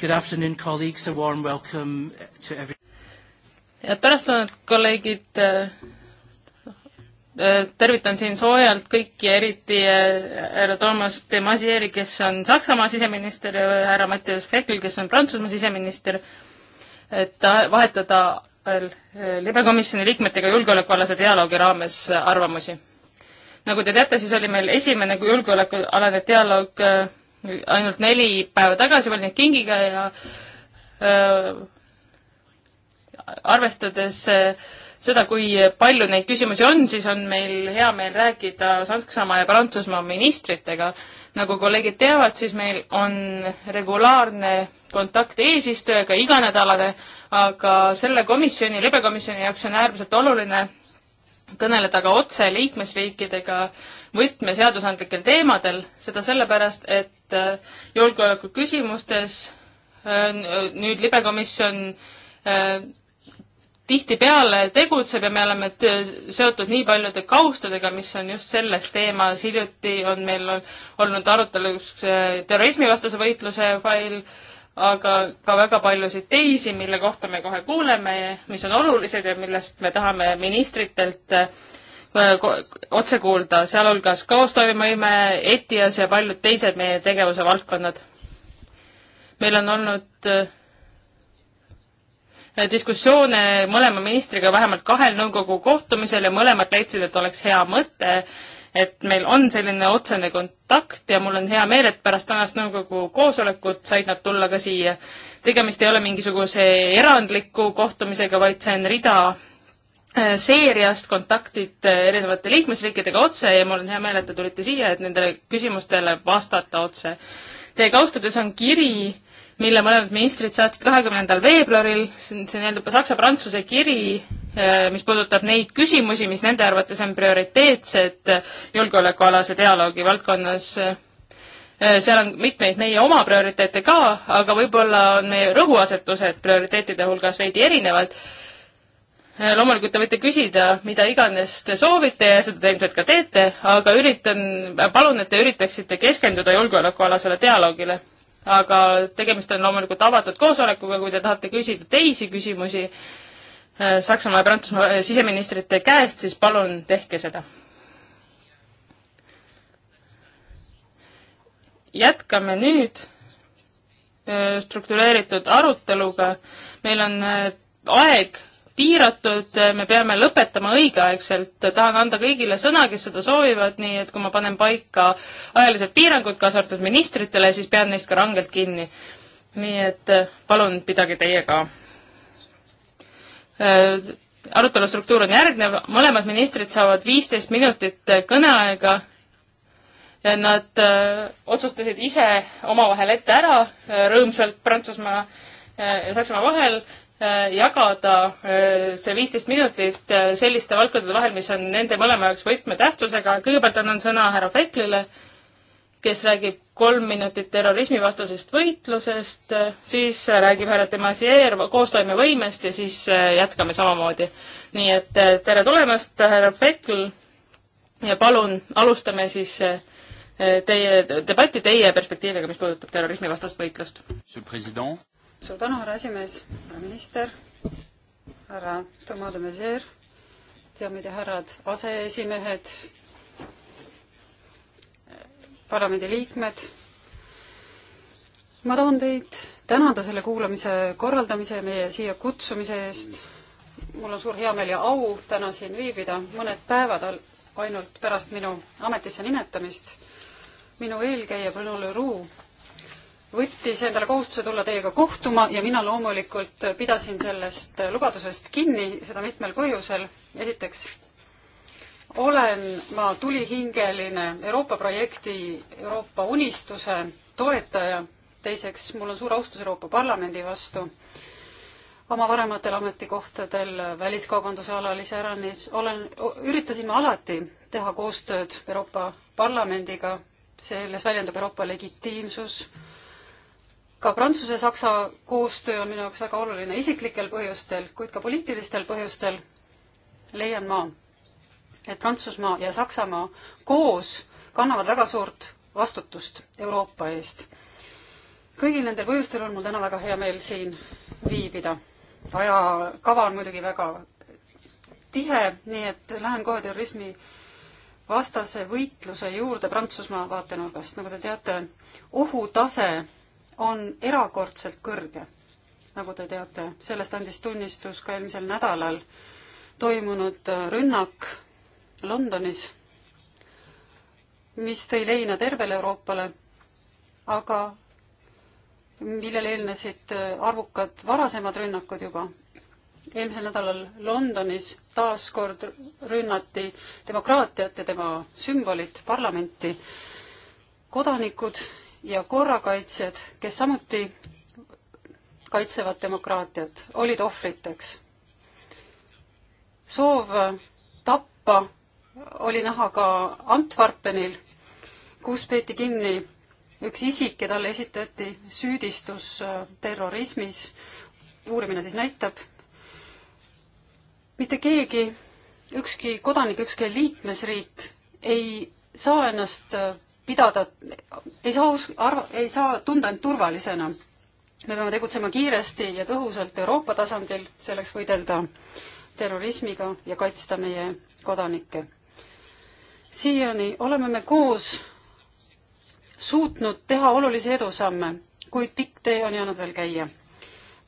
Good afternoon, colleagues. A warm welcome uh, to every... head pärastlõunat, kolleegid. Äh, äh, tervitan siin soojalt kõiki, eriti äh, härra Toomas de Masieri, kes on Saksamaa siseminister ja härra Mattias Fekl, kes on Prantsusmaa siseminister, et vahetada libekomisjoni liikmetega julgeolekualase dialoogi raames arvamusi. nagu te teate, siis oli meil esimene julgeolekualane dialoog ainult neli päeva tagasi valinud kingiga ja öö, äh, arvestades äh, seda, kui palju neid küsimusi on, siis on meil hea meel rääkida Saksamaa ja Prantsusmaa ministritega. nagu kolleegid teavad, siis meil on regulaarne kontakt eesistujaga, iganädalane, aga selle komisjoni, libekomisjoni jaoks on äärmiselt oluline kõneleda ka otse liikmesriikidega äh, võtmeseadusandlikel teemadel, seda sellepärast, et äh, julgeoleku küsimustes äh, nüüd libekomisjon äh, tihtipeale tegutseb ja me oleme seotud nii paljude kaustadega, mis on just selles teemas. hiljuti on meil olnud arutelus terrorismivastase võitluse fail, aga ka väga paljusid teisi, mille kohta me kohe kuuleme, mis on olulised ja millest me tahame ministritelt Äh, otse kuulda, sealhulgas koostoimevõime, ETIAS ja paljud teised meie tegevuse valdkonnad. meil on olnud äh, diskussioone mõlema ministriga vähemalt kahel nõukogu kohtumisel ja mõlemad leidsid, et oleks hea mõte, et meil on selline otsene kontakt ja mul on hea meel, et pärast tänast nõukogu koosolekut said nad tulla ka siia. tegemist ei ole mingisuguse erandliku kohtumisega, vaid see on rida seeriast kontaktid äh, erinevate liikmesriikidega otse ja mul on hea meel, et te tulite siia, et nendele küsimustele vastata otse. Teie kaustades on kiri, mille mõlemad ministrid saatsid kahekümnendal veebruaril, see on, see nii-öelda saksa-prantsuse kiri, äh, mis puudutab neid küsimusi, mis nende arvates on prioriteetsed äh, julgeolekualase dialoogi valdkonnas. seal on mitmeid meie oma prioriteete ka, aga võib-olla on meie rõhuasetused prioriteetide hulgas veidi erinevad Äh, loomulikult te võite küsida mida iganes te soovite ja seda te ilmselt ka teete, aga üritan, palun, et te üritaksite keskenduda julgeolekualasele dialoogile. aga tegemist on loomulikult avatud koosolekuga, kui te tahate küsida teisi küsimusi äh, Saksamaa ja Prantsusmaa äh, siseministrite käest, siis palun tehke seda. jätkame nüüd struktureeritud aruteluga. meil on aeg piiratud, me peame lõpetama õigeaegselt, tahan anda kõigile sõna, kes seda soovivad, nii et kui ma panen paika ajalised piirangud, kaasa arvatud ministritele, siis pean neist ka rangelt kinni. nii et eh, palun pidage teie ka. Eh, arutelu struktuur on järgnev, mõlemad ministrid saavad viisteist minutit eh, kõneaega Ja nad öö, otsustasid ise omavahel ette ära rõõmsalt Prantsusmaa ja Saksamaa vahel Äh, jagada äh, see viisteist minutit äh, selliste valdkondade vahel, mis on nende mõlema jaoks võtmetähtsusega. kõigepealt annan sõna härra Feklile, kes räägib kolm minutit terrorismivastasest võitlusest, siis räägib härra Demasier koostoimevõimest ja siis jätkame samamoodi. nii et tere tulemast, härra Fekl ja palun alustame siis teie debatti teie perspektiiviga, mis puudutab terrorismivastast võitlust suur tänu, härra esimees, härra minister, härra Tomas de Maizière, teame te, härrad aseesimehed, parlamendiliikmed. ma tahan teid tänada selle kuulamise korraldamise ja meie siia kutsumise eest. mul on suur heameel ja au täna siin viibida, mõned päevad ainult pärast minu ametisse nimetamist. minu eelkäija Bruno Leroux võttis endale kohustuse tulla teiega kohtuma ja mina loomulikult pidasin sellest lubadusest kinni, seda mitmel põhjusel. esiteks olen ma tulihingeline Euroopa projekti, Euroopa unistuse toetaja. teiseks, mul on suur austus Euroopa Parlamendi vastu. oma varematel ametikohtadel väliskaubanduse alal iseäranis olen, üritasime alati teha koostööd Euroopa Parlamendiga, selles väljendub Euroopa legitiimsus ka Prantsuse-Saksa koostöö on minu jaoks väga oluline isiklikel põhjustel, kuid ka poliitilistel põhjustel leian ma, et Prantsusmaa ja Saksamaa koos kannavad väga suurt vastutust Euroopa eest. kõigil nendel põhjustel on mul täna väga hea meel siin viibida. ajakava on muidugi väga tihe, nii et lähen kohe terrorismi vastase võitluse juurde Prantsusmaa vaatenurgast. nagu te teate, ohutase on erakordselt kõrge. nagu te teate, sellest andis tunnistus ka eelmisel nädalal toimunud äh, rünnak Londonis, mis tõi leina tervele Euroopale, aga millele eelnesid äh, arvukad varasemad rünnakud juba. eelmisel nädalal Londonis taas kord rünnati demokraatiat ja tema sümbolit, parlamenti. kodanikud ja korrakaitsjad, kes samuti kaitsevad demokraatiat, olid ohvriteks. soov tappa oli näha ka Antwerpenil, kus peeti kinni üks isik ja talle esitati süüdistus äh, terrorismis. uurimine siis näitab. mitte keegi, ükski kodanik, ükski liikmesriik ei saa ennast äh, pidada, ei saa us-, arva, ei saa tunda end turvalisena. me peame tegutsema kiiresti ja tõhusalt Euroopa tasandil, selleks võidelda terrorismiga ja kaitsta meie kodanikke. siiani oleme me koos suutnud teha olulisi edusamme, kuid pikk tee on jäänud veel käia.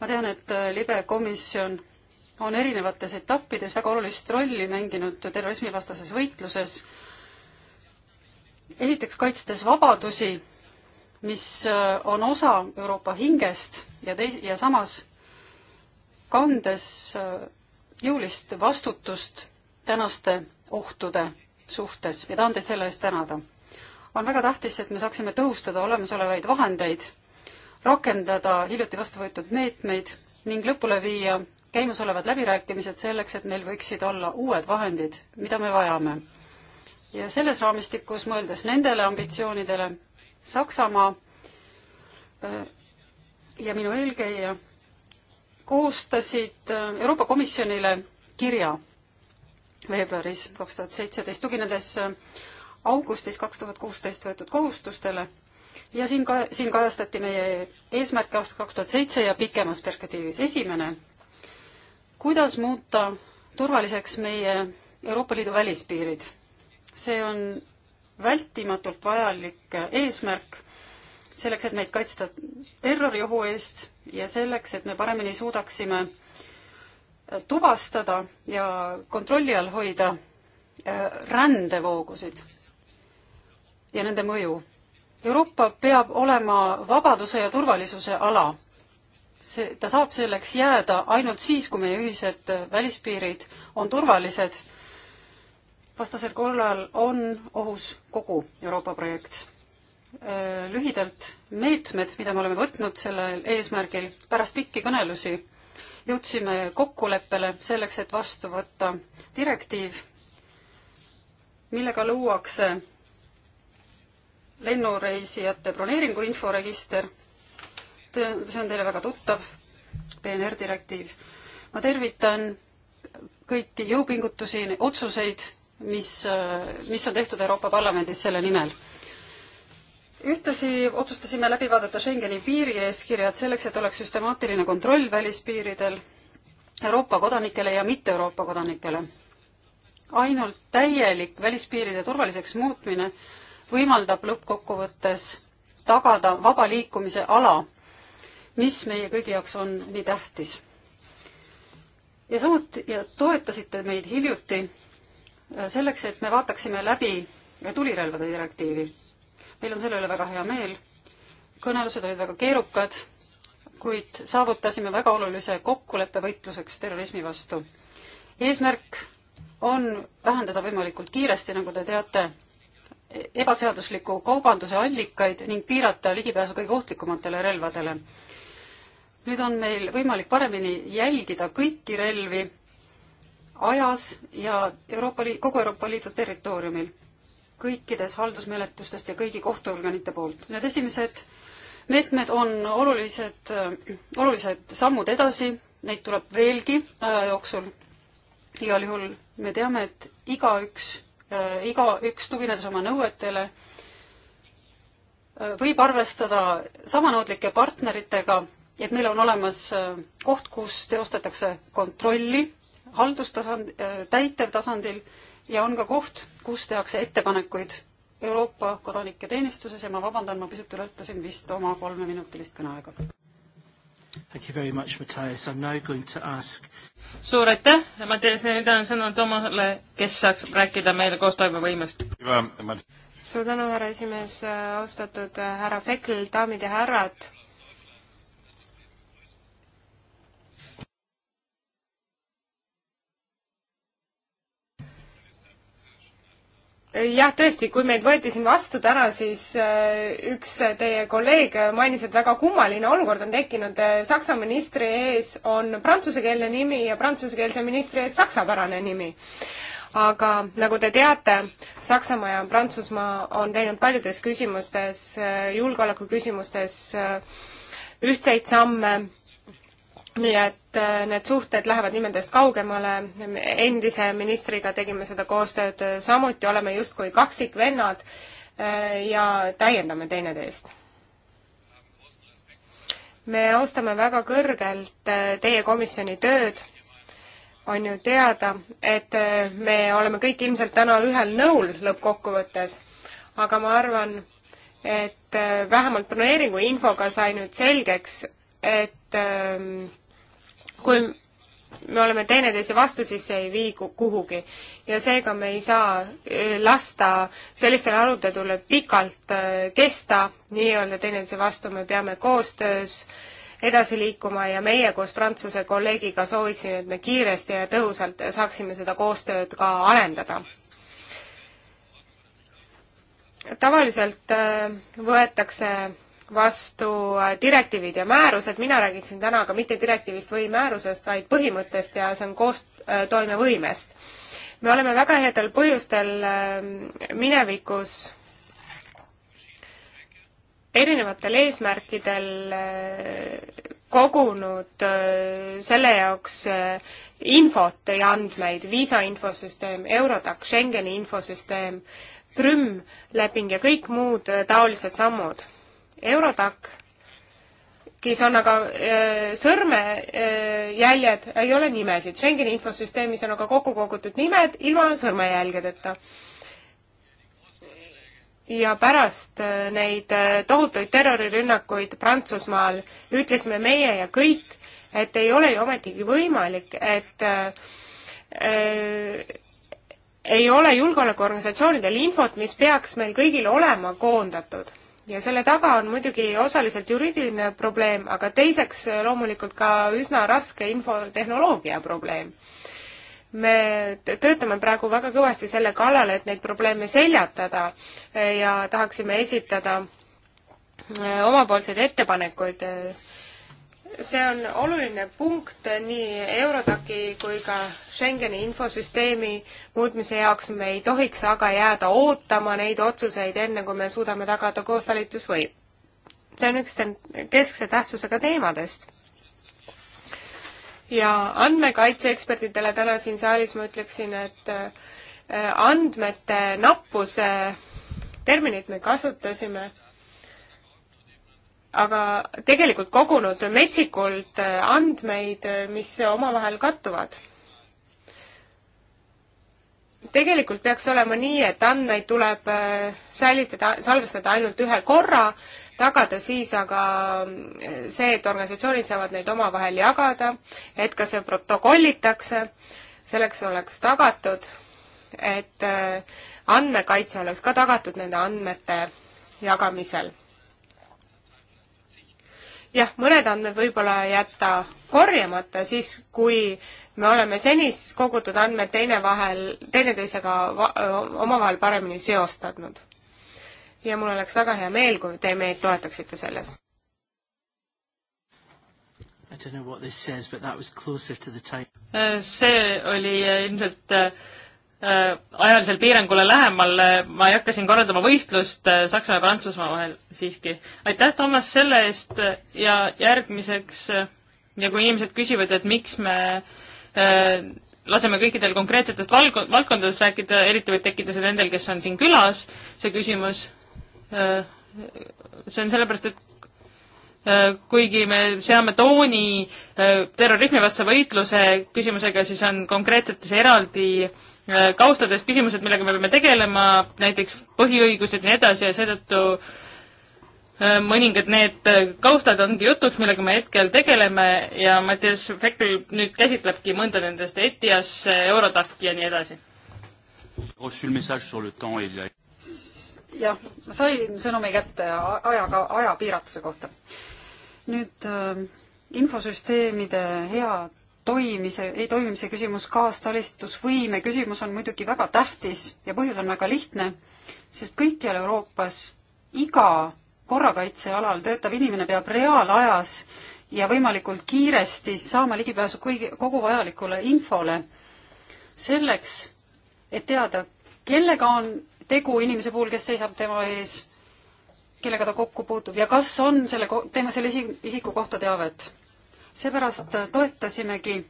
ma tean, et äh, libe komisjon on erinevates etappides väga olulist rolli mänginud terrorismivastases võitluses esiteks kaitstes vabadusi, mis äh, on osa Euroopa hingest ja teis-, ja samas kandes äh, jõulist vastutust tänaste ohtude suhtes ja tahan teid selle eest tänada. on väga tähtis, et me saaksime tõhustada olemasolevaid vahendeid, rakendada hiljuti vastu võetud meetmeid ning lõpule viia käimasolevad läbirääkimised selleks, et meil võiksid olla uued vahendid, mida me vajame ja selles raamistikus, mõeldes nendele ambitsioonidele, Saksamaa äh, ja minu eelkäija koostasid äh, Euroopa Komisjonile kirja veebruaris kaks tuhat seitseteist, tuginedes äh, augustis kaks tuhat kuusteist võetud kohustustele ja siin ka, siin kajastati meie eesmärke aastal kaks tuhat seitse ja pikemas perspektiivis. esimene, kuidas muuta turvaliseks meie Euroopa Liidu välispiirid see on vältimatult vajalik eesmärk selleks, et meid kaitsta terroriohu eest ja selleks, et me paremini suudaksime tuvastada ja kontrolli all hoida äh, rändevoogusid ja nende mõju. Euroopa peab olema vabaduse ja turvalisuse ala. see, ta saab selleks jääda ainult siis, kui meie ühised välispiirid on turvalised vastasel korral on ohus kogu Euroopa projekt. Äh, lühidalt meetmed, mida me oleme võtnud sellel eesmärgil, pärast pikki kõnelusi jõudsime kokkuleppele selleks, et vastu võtta direktiiv, millega luuakse lennureisijate broneeringu inforegister. see on teile väga tuttav, PNR direktiiv. ma tervitan kõiki jõupingutusi, otsuseid, mis, äh, mis on tehtud Euroopa Parlamendis selle nimel. ühtlasi otsustasime läbi vaadata Schengeni piirieeskirjad selleks, et oleks süstemaatiline kontroll välispiiridel Euroopa kodanikele ja mitte Euroopa kodanikele. ainult täielik välispiiride turvaliseks muutmine võimaldab lõppkokkuvõttes tagada vaba liikumise ala, mis meie kõigi jaoks on nii tähtis. ja samuti ja toetasite meid hiljuti selleks, et me vaataksime läbi tulirelvade direktiivi. meil on selle üle väga hea meel. kõnelused olid väga keerukad, kuid saavutasime väga olulise kokkuleppe võitluseks terrorismi vastu. eesmärk on vähendada võimalikult kiiresti, nagu te teate, ebaseadusliku kaubanduse allikaid ning piirata ligipääsu kõige ohtlikumatele relvadele. nüüd on meil võimalik paremini jälgida kõiki relvi ajas ja Euroopa Liit, kogu Euroopa Liidu territooriumil kõikides haldusmenetlustest ja kõigi kohtuorganite poolt. Need esimesed meetmed on olulised, olulised sammud edasi, neid tuleb veelgi aja jooksul. igal juhul me teame, et igaüks, äh, igaüks tuginedes oma nõuetele, äh, võib arvestada samanõudlike partneritega, et meil on olemas äh, koht, kus teostatakse kontrolli haldustasand, äh, täitevtasandil ja on ka koht, kus tehakse ettepanekuid Euroopa kodanike teenistuses ja ma vabandan, ma pisut ületasin vist oma kolmeminutilist kõneaega. Thank you very much, Matthias. I am now going to ask suur aitäh, Mattias, nüüd annan sõna Toomale, kes saaks rääkida meile koostoimevõimest. suur tänu, härra esimees, austatud äh, härra Fekl, daamid ja härrad jah, tõesti, kui meid võeti siin vastu täna, siis äh, üks teie kolleeg mainis, et väga kummaline olukord on tekkinud. Saksa ministri ees on prantsusekeelne nimi ja prantsusekeelse ministri ees saksapärane nimi. aga nagu te teate, Saksamaa ja Prantsusmaa on teinud paljudes küsimustes, äh, julgeolekuküsimustes äh, ühtseid samme nii et äh, need suhted lähevad nimedest kaugemale, endise ministriga tegime seda koostööd äh, samuti, oleme justkui kaksikvennad äh, ja täiendame teineteist. me austame väga kõrgelt teie komisjoni tööd, on ju teada, et me oleme kõik ilmselt täna ühel nõul lõppkokkuvõttes, aga ma arvan, et vähemalt broneeringu infoga sai nüüd selgeks, et ähm, kui me oleme teineteise vastu, siis see ei vii kuhugi. ja seega me ei saa eh, lasta sellisele arutelule pikalt eh, kesta, nii-öelda teineteise vastu, me peame koostöös edasi liikuma ja meie koos Prantsuse kolleegiga sooviksime, et me kiiresti ja tõhusalt saaksime seda koostööd ka arendada. tavaliselt eh, võetakse vastu äh, direktiivid ja määrused, mina räägiksin täna aga mitte direktiivist või määrusest, vaid põhimõttest ja see on koostoimevõimest. Äh, me oleme väga headel põhjustel ähm, minevikus erinevatel eesmärkidel äh, kogunud selle jaoks infot ja andmeid, viisa infosüsteem, Eurodac, Schengeni infosüsteem, Prüm leping ja kõik muud taolised sammud Eurodac kes on aga äh, sõrmejäljed, äh, ei ole nimesid. Schengeni infosüsteemis on aga kokku kogutud nimed ilma sõrmejälgedeta. ja pärast äh, neid tohutuid terrorirünnakuid Prantsusmaal ütlesime meie ja kõik, et ei ole ju ometigi võimalik, et äh, ei ole julgeolekuorganisatsioonidel infot, mis peaks meil kõigil olema koondatud ja selle taga on muidugi osaliselt juriidiline probleem, aga teiseks äh, loomulikult ka üsna raske infotehnoloogia probleem. me töötame praegu väga kõvasti selle kallal, et neid probleeme seljatada äh, ja tahaksime esitada äh, omapoolseid ettepanekuid see on oluline punkt nii Eurodaki kui ka Schengeni infosüsteemi muutmise jaoks. me ei tohiks aga jääda ootama neid otsuseid, enne kui me suudame tagada koostalitusvõim. see on üks keskse tähtsusega teemadest. ja andmekaitseekspertidele täna siin saalis ma ütleksin, et äh, andmete nappuse terminit me kasutasime aga tegelikult kogunud metsikult äh, andmeid, äh, mis omavahel kattuvad. tegelikult peaks olema nii, et andmeid tuleb äh, säilitada, salvestada ainult ühe korra, tagada siis aga see, et organisatsioonid saavad neid omavahel jagada, et ka see protokollitakse, selleks oleks tagatud, et andmekaitse oleks ka tagatud nende andmete jagamisel jah, mõned andmed võib-olla jätta korjamata siis, kui me oleme senist kogutud andmed teine vahel, teineteisega va-, omavahel paremini seostanud. ja mul oleks väga hea meel, kui te meid toetaksite selles. Äh, see oli äh, ilmselt äh, Äh, ajalisel piirangule lähemal, ma ei hakka siin korraldama võistlust äh, Saksamaa ja Prantsusmaa vahel siiski. aitäh, Toomas, selle eest äh, ja järgmiseks ja kui inimesed küsivad, et miks me laseme kõikidel konkreetsetest valg-, valdkondadest rääkida, eriti võib tekkida see nendel, kes on siin külas, see küsimus, see on sellepärast, et kuigi me seame tooni terrorismi vastase võitluse küsimusega, siis on konkreetsetes eraldi Äh, kaustades küsimused, millega me peame tegelema, näiteks põhiõigused ja nii edasi ja seetõttu äh, mõningad need äh, kaustad ongi jutuks, millega me hetkel tegeleme ja Mattias Fekkel nüüd käsitlebki mõnda nendest ETIAS, Eurotaski ja nii edasi. jah, ma sain sõnumi kätte ajaga, ajapiiratuse kohta. nüüd äh, infosüsteemide hea toimimise, ei toimimise küsimus, kaastalistusvõime küsimus on muidugi väga tähtis ja põhjus on väga lihtne, sest kõikjal Euroopas iga korrakaitsealal töötav inimene peab reaalajas ja võimalikult kiiresti saama ligipääsu kõigi, kogu vajalikule infole selleks, et teada, kellega on tegu inimese puhul, kes seisab tema ees, kellega ta kokku puutub ja kas on selle, teeme selle isiku kohta teavet seepärast toetasimegi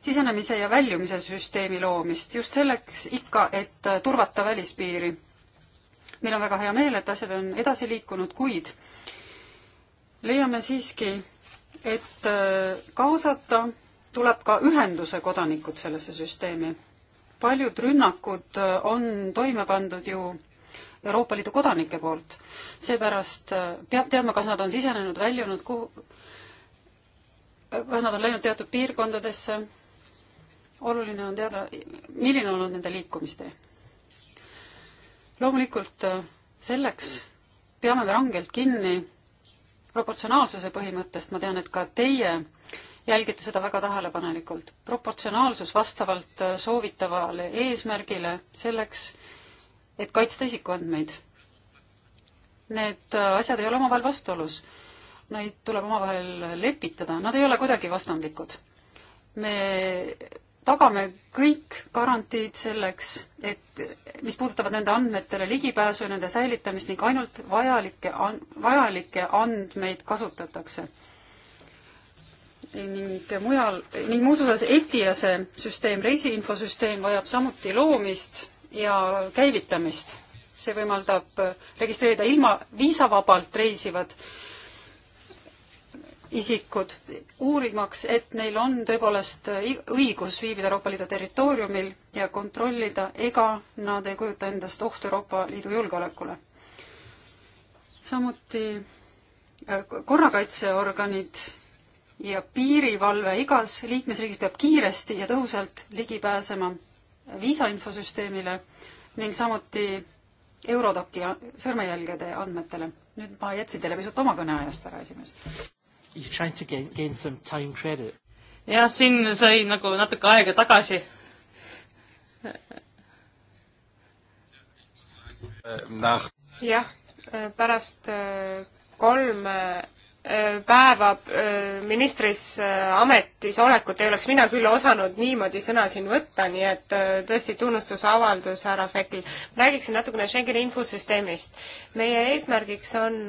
sisenemise ja väljumise süsteemi loomist just selleks ikka, et turvata välispiiri. meil on väga hea meel, et asjad on edasi liikunud, kuid leiame siiski, et äh, kaasata tuleb ka ühenduse kodanikud sellesse süsteemi. paljud rünnakud äh, on toime pandud ju Euroopa Liidu kodanike poolt. seepärast äh, peab teadma, kas nad on sisenenud, väljunud, kuhu kas nad on läinud teatud piirkondadesse. oluline on teada, milline on olnud nende liikumistee. loomulikult äh, selleks peame me rangelt kinni proportsionaalsuse põhimõttest, ma tean, et ka teie jälgite seda väga tähelepanelikult. proportsionaalsus vastavalt äh, soovitavale eesmärgile selleks, et kaitsta isikuandmeid. Need äh, asjad ei ole omavahel vastuolus neid tuleb omavahel lepitada, nad ei ole kuidagi vastandlikud. me tagame kõik garantiid selleks, et mis puudutavad nende andmetele ligipääsu ja nende säilitamist ning ainult vajalikke an,, vajalikke andmeid kasutatakse. ning mujal, ning muus osas ETIAS-e süsteem, reisiinfosüsteem vajab samuti loomist ja käivitamist. see võimaldab registreerida ilma viisavabalt reisivad äh, isikud, uurimaks, et neil on tõepoolest õigus viibida Euroopa Liidu territooriumil ja kontrollida, ega nad ei kujuta endast ohtu Euroopa Liidu julgeolekule. samuti äh, korrakaitseorganid ja piirivalve igas liikmesriigis peab kiiresti ja tõhusalt ligi pääsema viisainfosüsteemile ning samuti Eurodoki sõrmejälgede andmetele. nüüd ma jätsin teile pisut oma kõneajast ära, esimees. You're trying to gain, gain some time credit. jah, siin sai nagu natuke aega tagasi. jah, pärast äh, kolm äh, päeva äh, ministris ametis olekut ei oleks mina küll osanud niimoodi sõna siin võtta, nii et tõesti tunnustuse avaldus härra Fekil. räägiksin natukene Schengeni infosüsteemist. meie eesmärgiks on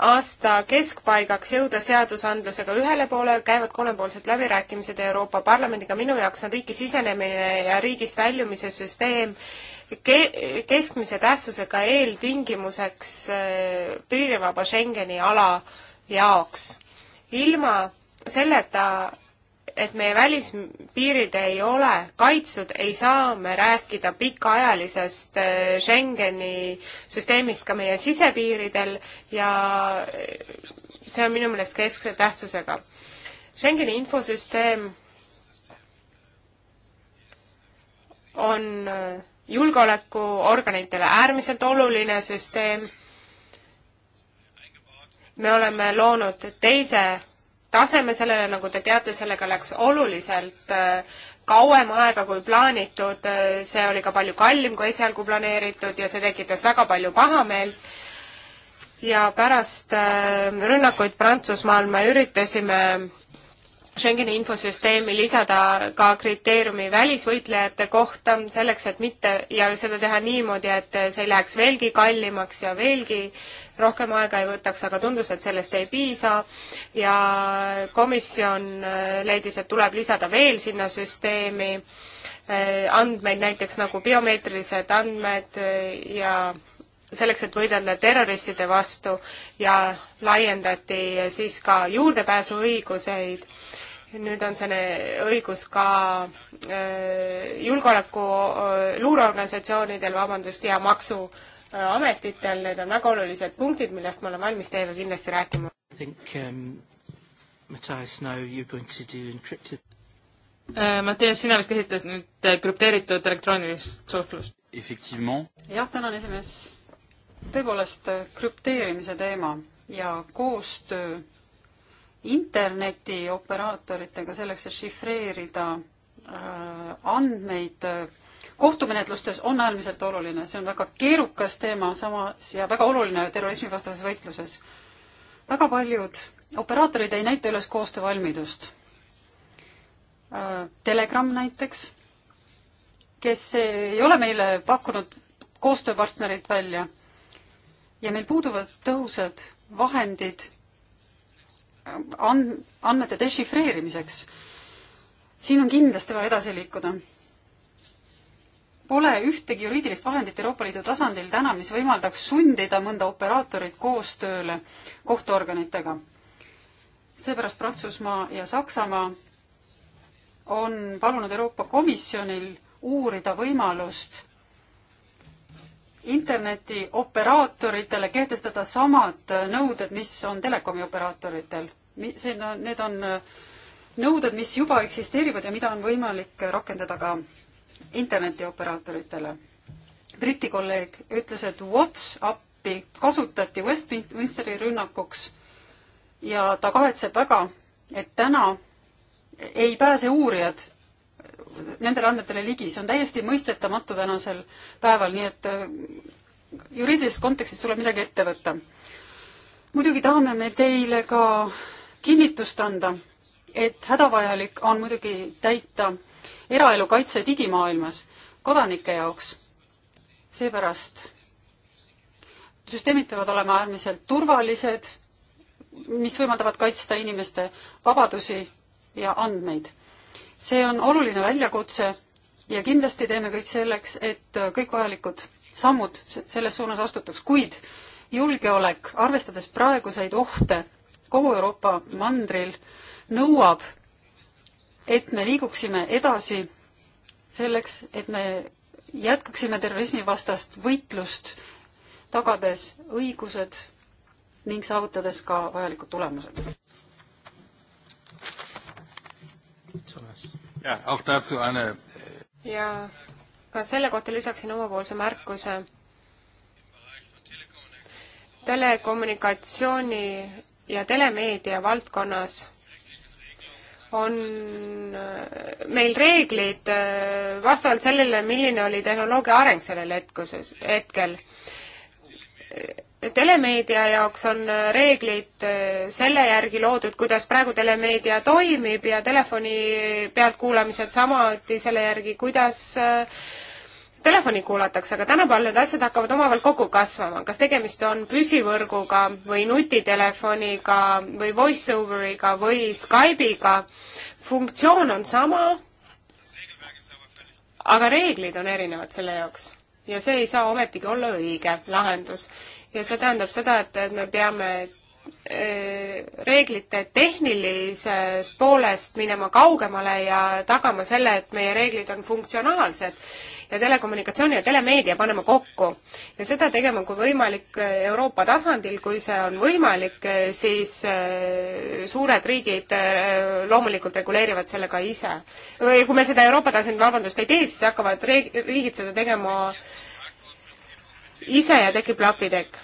aasta keskpaigaks jõuda seadusandlusega ühele poole, käivad kolmepoolsed läbirääkimised Euroopa Parlamendiga, minu jaoks on riiki sisenemine ja riigist väljumise süsteem ke-, keskmise tähtsusega eeltingimuseks äh, piirivaba Schengeni ala jaoks. ilma selleta et meie välispiirid ei ole kaitstud, ei saa me rääkida pikaajalisest äh, Schengeni süsteemist ka meie sisepiiridel ja äh, see on minu meelest keskse tähtsusega. Schengeni infosüsteem on äh, julgeolekuorganitele äärmiselt oluline süsteem. me oleme loonud teise taseme sellele, nagu te teate, sellega läks oluliselt äh, kauem aega kui plaanitud, äh, see oli ka palju kallim kui esialgu planeeritud ja see tekitas väga palju pahameelt. ja pärast äh, rünnakuid Prantsusmaal me üritasime Schengeni infosüsteemi lisada ka kriteeriumi välisvõitlejate kohta, selleks et mitte, ja seda teha niimoodi, et see ei läheks veelgi kallimaks ja veelgi rohkem aega ei võtaks, aga tundus, et sellest ei piisa ja komisjon äh, leidis, et tuleb lisada veel sinna süsteemi äh, andmeid, näiteks nagu biomeetrilised andmed äh, ja selleks, et võidelda terroristide vastu ja laiendati siis ka juurdepääsuõiguseid nüüd on see õigus ka äh, julgeoleku äh, luureorganisatsioonidel, vabandust, ja maksuametitel, need on väga olulised punktid, millest ma olen valmis teiega kindlasti rääkima. Um, Mattias, now you are going to do encrypted äh, Mattias, sina vist käsitlesid nüüd krüpteeritud elektroonilist suhtlust? jah, tänan, esimees. tõepoolest, krüpteerimise teema ja koostöö internetioperaatoritega selleks, et šifreerida äh, andmeid äh, kohtumenetlustes on äärmiselt oluline, see on väga keerukas teema samas ja väga oluline terrorismivastases võitluses. väga paljud operaatorid ei näita üles koostöövalmidust. Äh, Telegram näiteks, kes ei ole meile pakkunud koostööpartnerit välja ja meil puuduvad tõhusad vahendid and-, andmete dešifreerimiseks. siin on kindlasti vaja edasi liikuda. Pole ühtegi juriidilist vahendit Euroopa Liidu tasandil täna, mis võimaldaks sundida mõnda operaatorit koostööle kohtuorganitega. seepärast Prantsusmaa ja Saksamaa on palunud Euroopa Komisjonil uurida võimalust internetioperaatoritele kehtestada samad nõuded, mis on telekomi operaatoritel. see, need on äh, nõuded, mis juba eksisteerivad ja mida on võimalik rakendada ka internetioperaatoritele. Briti kolleeg ütles, et Whatsappi kasutati Westminsteri rünnakuks ja ta kahetseb väga, et täna ei pääse uurijad nendele andmetele ligi, see on täiesti mõistetamatu tänasel päeval, nii et äh, juriidilises kontekstis tuleb midagi ette võtta. muidugi tahame me teile ka kinnitust anda, et hädavajalik on muidugi täita eraelu kaitse digimaailmas kodanike jaoks. seepärast süsteemid peavad olema äärmiselt turvalised, mis võimaldavad kaitsta inimeste vabadusi ja andmeid see on oluline väljakutse ja kindlasti teeme kõik selleks, et kõik vajalikud sammud selles suunas astutuks, kuid julgeolek, arvestades praeguseid ohte kogu Euroopa mandril, nõuab, et me liiguksime edasi selleks, et me jätkaksime terrorismivastast võitlust, tagades õigused ning saavutades ka vajalikud tulemused. Äh, ja ka selle kohta lisaksin omapoolse märkuse. telekommunikatsiooni ja telemeedia valdkonnas on äh, meil reeglid äh, vastavalt sellele, milline oli tehnoloogia areng sellel hetkuses, hetkel telemeedia jaoks on äh, reeglid äh, selle järgi loodud, kuidas praegu telemeedia toimib ja telefoni pealtkuulamised samuti selle järgi, kuidas äh, telefoni kuulatakse, aga tänapäeval need asjad hakkavad omavahel kokku kasvama, kas tegemist on püsivõrguga või nutitelefoniga või voice overiga või Skype'iga. funktsioon on sama, aga reeglid on erinevad selle jaoks ja see ei saa ometigi olla õige lahendus ja see tähendab seda, et, et me peame äh, reeglite tehnilisest poolest minema kaugemale ja tagama selle, et meie reeglid on funktsionaalsed ja telekommunikatsiooni ja telemeedia panema kokku. ja seda tegema, kui võimalik, Euroopa tasandil, kui see on võimalik, siis äh, suured riigid äh, loomulikult reguleerivad selle ka ise. või kui me seda Euroopa tasandil, vabandust, ei tee, siis hakkavad riigid seda tegema ise ja tekib lapitekk.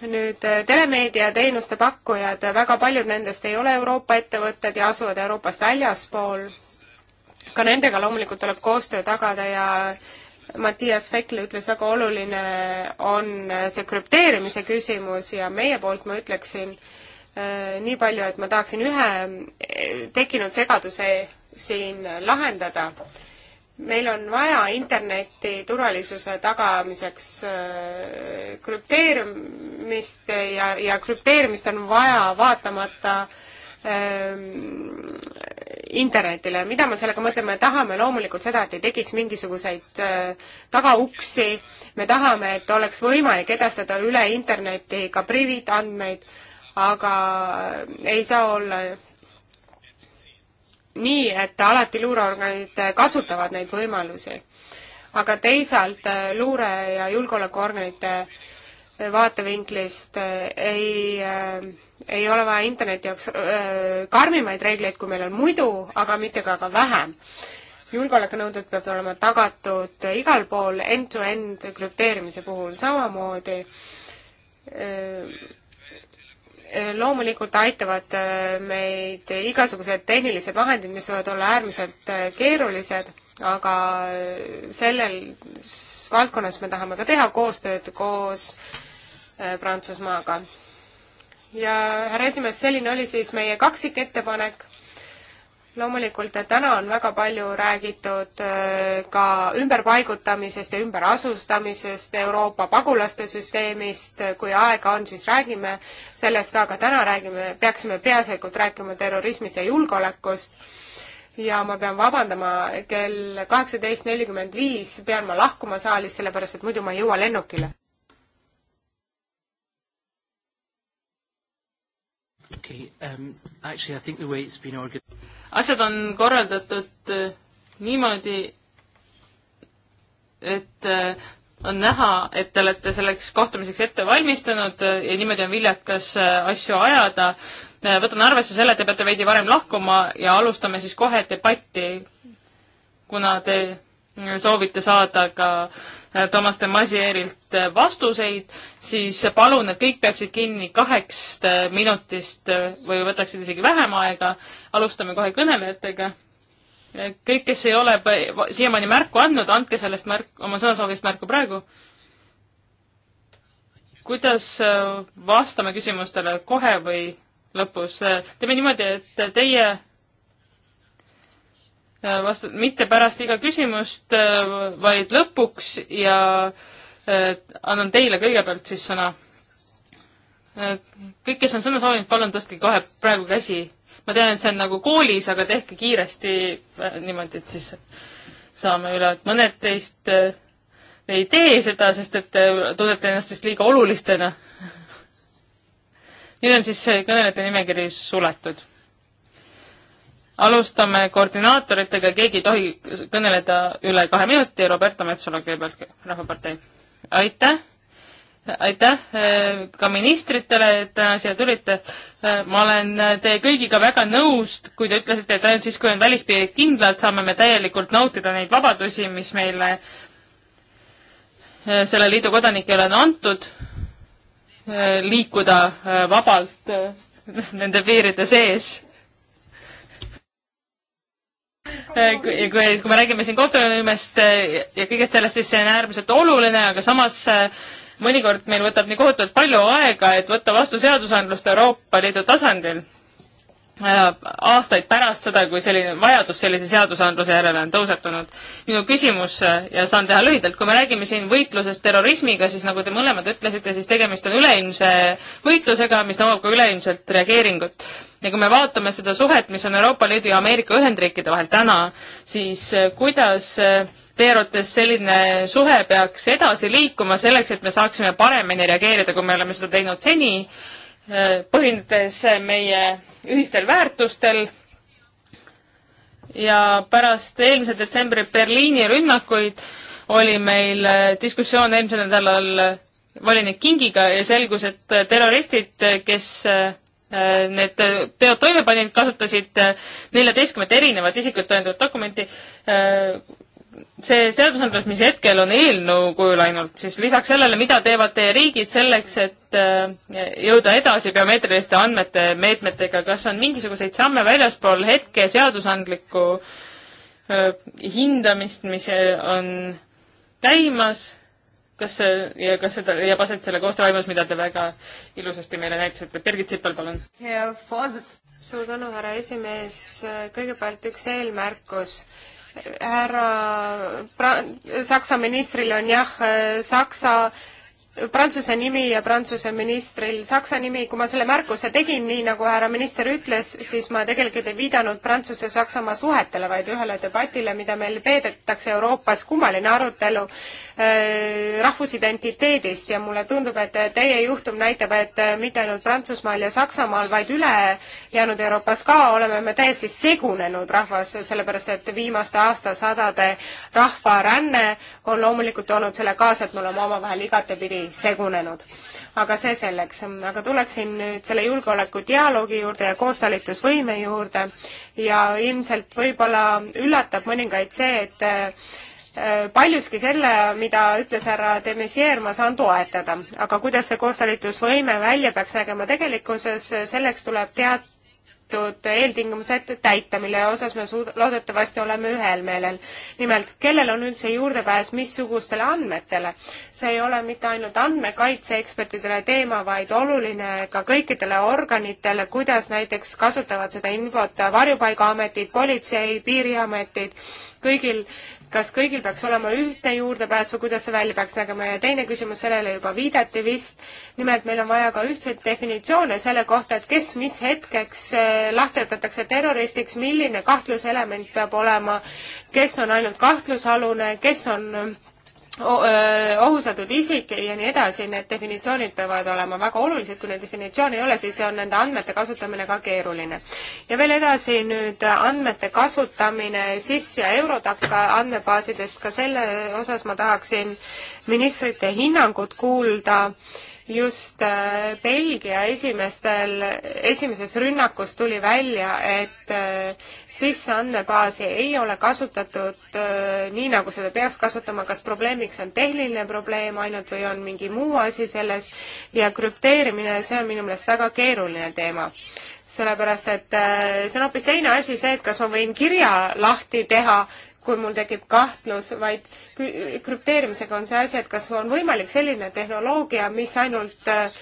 nüüd äh, telemeediateenuste pakkujad, äh, väga paljud nendest ei ole Euroopa ettevõtted ja asuvad Euroopast väljaspool. ka nendega loomulikult tuleb koostöö tagada ja Mattias Fekli ütles, väga oluline on äh, see krüpteerimise küsimus ja meie poolt ma ütleksin äh, nii palju, et ma tahaksin ühe tekkinud segaduse siin lahendada meil on vaja interneti turvalisuse tagamiseks äh, krüpteerimist ja, ja krüpteerimist on vaja vaatamata ähm, internetile, mida ma sellega mõtlen, me tahame loomulikult seda, et ei tekiks mingisuguseid äh, tagauksi, me tahame, et oleks võimalik edastada üle interneti ka priviit andmeid, aga äh, ei saa olla nii, et alati luureorganid eh, kasutavad neid võimalusi. aga teisalt eh, luure- ja julgeolekuorganite eh, vaatevinklist ei äh, ei ole vaja interneti jaoks äh, karmimaid reegleid, kui meil on muidu, aga mitte ka, ka vähem. julgeolekunõuded peavad olema tagatud igal pool end-to-end -end krüpteerimise puhul samamoodi äh, loomulikult aitavad äh, meid igasugused tehnilised vahendid, mis võivad olla äärmiselt äh, keerulised, aga äh, selles valdkonnas me tahame ka teha koostööd koos Prantsusmaaga. ja härra esimees, selline oli siis meie kaksikettepanek loomulikult täna on väga palju räägitud äh, ka ümberpaigutamisest ja ümberasustamisest, Euroopa pagulaste süsteemist, kui aega on, siis räägime sellest ka, aga täna räägime, peaksime peaasjalikult rääkima terrorismist ja julgeolekust. ja ma pean vabandama, kell kaheksateist nelikümmend viis pean ma lahkuma saalist, sellepärast et muidu ma ei jõua lennukile. Okay, um, actually I think the way it's been organized asjad on korraldatud äh, niimoodi, et äh, on näha, et te olete selleks kohtumiseks ette valmistunud äh, ja niimoodi on viljakas asju ajada. võtan arvesse selle, et te peate veidi varem lahkuma ja alustame siis kohe debatti, kuna te soovite saada ka äh, Toomas de Masierilt äh, vastuseid, siis palun, et kõik peaksid kinni kaheksast äh, minutist või võtaksid isegi vähem aega. alustame kohe kõnelejatega. kõik, kes ei ole siiamaani märku andnud, andke sellest märk, oma sõnasoovist märku praegu. kuidas vastame küsimustele kohe või lõpus? teeme niimoodi, et teie Äh, vastu, mitte pärast iga küsimust, äh, vaid lõpuks ja äh, annan teile kõigepealt siis sõna. kõik, kes on sõna soovinud, palun tõstke kohe praegu käsi. ma tean, et see on nagu koolis, aga tehke kiiresti niimoodi, et siis saame üle, et mõned teist ei tee seda, sest et tunnete ennast vist liiga olulistena. nüüd on siis kõnelejate nimekiri suletud alustame koordinaatoritega, keegi ei tohi kõneleda üle kahe minuti, Roberta Metsola kõigepealt, Rahvapartei. aitäh, aitäh eh, ka ministritele, et täna siia tulite. Eh, ma olen eh, teie kõigiga väga nõus, kui te ütlesite, et ainult siis, kui on välispiirid kindlad, saame me täielikult nautida neid vabadusi, mis meile selle liidu kodanikele on antud, liikuda vabalt nende piiride sees Äh, kui, kui, kui me räägime siin kohtunimest äh, ja kõigest sellest, siis see on äärmiselt oluline, aga samas äh, mõnikord meil võtab nii kohutavalt palju aega, et võtta vastu seadusandlust Euroopa Liidu tasandil. aastaid pärast seda, kui selline vajadus sellise seadusandluse järele on tõusetunud. minu küsimus ja saan teha lühidalt, kui me räägime siin võitlusest terrorismiga, siis nagu te mõlemad ütlesite, siis tegemist on üleilmse võitlusega, mis nõuab ka üleilmset reageeringut ja kui me vaatame seda suhet, mis on Euroopa Liidu ja Ameerika Ühendriikide vahel täna, siis äh, kuidas äh, teie arvates selline suhe peaks edasi liikuma selleks, et me saaksime paremini reageerida, kui me oleme seda teinud seni, äh, põhinedes meie ühistel väärtustel ja pärast eelmise detsembri Berliini rünnakuid oli meil diskussioon eelmisel nädalal volinik Kingiga ja selgus, et terroristid, kes Äh, need teod äh, toime panid, kasutasid äh, neljateistkümmet erinevat isikut tõendavat dokumenti. see seadusandlus, mis hetkel on eelnõu kujul ainult, siis lisaks sellele, mida teevad teie riigid selleks, et jõuda edasi biomeetriliste andmete meetmetega, kas on mingisuguseid samme väljaspool hetke seadusandlikku hindamist, mis on käimas kas see ja kas seda jääb aset selle koostöö vaimus, mida te väga ilusasti meile näitasite. Birgit Sipel, palun. suur tänu, härra esimees. kõigepealt üks eelmärkus härra pra-, Saksa ministril on jah, Saksa Prantsuse nimi ja Prantsuse ministril Saksa nimi, kui ma selle märkuse tegin, nii nagu härra minister ütles, siis ma tegelikult ei viidanud Prantsuse-Saksamaa suhetele, vaid ühele debatile, mida meil peedetakse Euroopas, kummaline arutelu äh, rahvusidentiteedist ja mulle tundub, et teie juhtum näitab, et mitte ainult Prantsusmaal ja Saksamaal, vaid ülejäänud Euroopas ka oleme me täiesti segunenud rahvas, sellepärast et viimaste aastasadade rahvaränne on loomulikult toonud selle kaasa, et me oleme omavahel igatepidi hästi segunenud. aga see selleks, aga tuleksin nüüd selle julgeolekudialoogi juurde ja koostalitusvõime juurde ja ilmselt võib-olla üllatab mõningaid see, et äh, paljuski selle, mida ütles härra de Maizière, ma saan toetada, aga kuidas see koostalitusvõime välja peaks nägema tegelikkuses, selleks tuleb tead-, teatud eeltingimused täita, mille osas me suud-, loodetavasti oleme ühel meelel. nimelt, kellel on üldse juurdepääs missugustele andmetele. see ei ole mitte ainult andmekaitseekspertidele teema, vaid oluline ka kõikidele organitele, kuidas näiteks kasutavad seda infot varjupaigaametid, politsei, piiriametid, kõigil kas kõigil peaks olema ühtne juurdepääs või kuidas see välja peaks nägema ja teine küsimus, sellele juba viidati vist, nimelt meil on vaja ka ühtseid definitsioone selle kohta, et kes mis hetkeks äh, lahterdatakse terroristiks, milline kahtluselement peab olema, kes on ainult kahtlusalune, kes on ohustatud isik ja nii edasi, need definitsioonid peavad olema väga olulised, kui neid definitsioone ei ole, siis on nende andmete kasutamine ka keeruline. ja veel edasi nüüd andmete kasutamine SIS ja Eurodaka andmebaasidest, ka selle osas ma tahaksin ministrite hinnangut kuulda just äh, Belgia esimestel, esimeses rünnakus tuli välja, et äh, sisseandmebaasi ei ole kasutatud äh, nii, nagu seda peaks kasutama, kas probleemiks on tehniline probleem ainult või on mingi muu asi selles ja krüpteerimine, see on minu meelest väga keeruline teema sellepärast, et see on hoopis teine asi, see, et kas ma võin kirja lahti teha kui mul tekib kahtlus, vaid krüpteerimisega on see asi, et kas on võimalik selline tehnoloogia, mis ainult äh,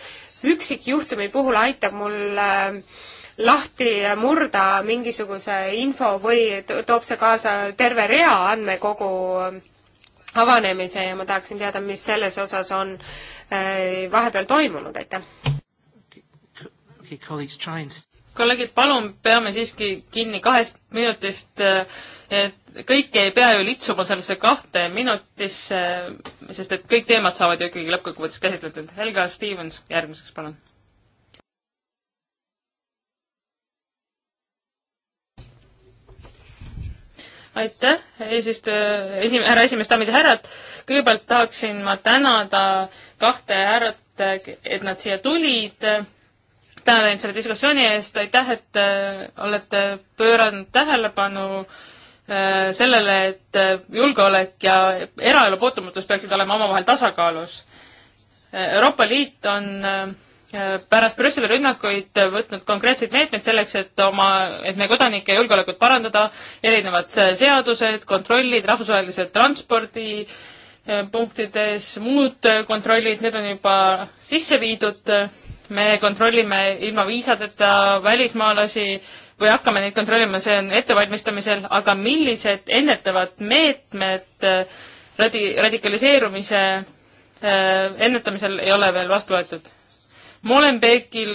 üksikjuhtumi puhul aitab mul äh, lahti murda mingisuguse info või toob see kaasa terve rea andmekogu äh, avanemise ja ma tahaksin teada, mis selles osas on vahepeal toimunud, aitäh. kolleegid, palun peame siiski kinni kahest minutist et kõike ei pea ju litsuma sellesse kahte minutisse, sest et kõik teemad saavad ju ikkagi lõppkokkuvõttes käsitletud. Helga Stevens järgmiseks, palun. aitäh, eesistuja, esim-, härra esimees, daamid ja härrad. kõigepealt tahaksin ma tänada kahte härrat, et nad siia tulid tänan teid selle diskussiooni eest, aitäh, et äh, olete pööranud tähelepanu Äh, sellele, et äh, julgeolek ja eraelu puutumatus peaksid olema omavahel tasakaalus. Äh, Euroopa Liit on pärast Brüsseli rünnakuid võtnud konkreetseid meetmeid selleks, et oma, et meie kodanike julgeolekut parandada, erinevad seadused, kontrollid rahvusvahelised transpordipunktides, muud kontrollid, need on juba sisse viidud. me kontrollime ilma viisadeta välismaalasi või hakkame neid kontrollima, see on ettevalmistamisel, aga millised ennetavad meetmed äh, radi-, radikaliseerumise äh, ennetamisel ei ole veel vastu võetud? Molenbeekil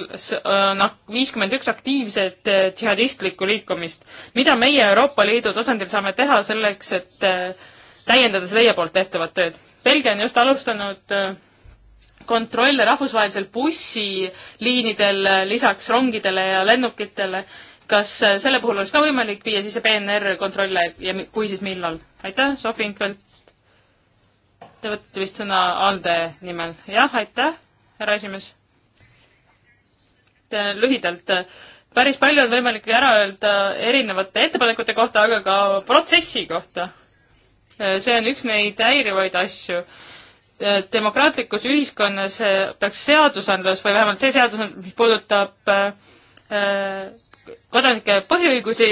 on viiskümmend üks aktiivset äh, džihadistlikku liikumist. mida meie Euroopa Liidu tasandil saame teha selleks, et täiendada teie poolt tehtavat tööd? Belgia on just alustanud kontrolle rahvusvahelisel bussiliinidel, lisaks rongidele ja lennukitele kas äh, selle puhul oleks ka võimalik viia sisse PNR kontrolle ja kui, siis millal? aitäh, Sofi Inkvelt. Te võtate vist sõna ALDE nimel. jah, aitäh, härra esimees. lühidalt, päris palju on võimalik ära öelda erinevate ettepanekute kohta, aga ka protsessi kohta. Äh, see on üks neid häirivaid asju äh, demokraatlikus ühiskonnas peaks seadusandlus või vähemalt see seadusandlus, mis puudutab äh, kodanike põhiõigusi,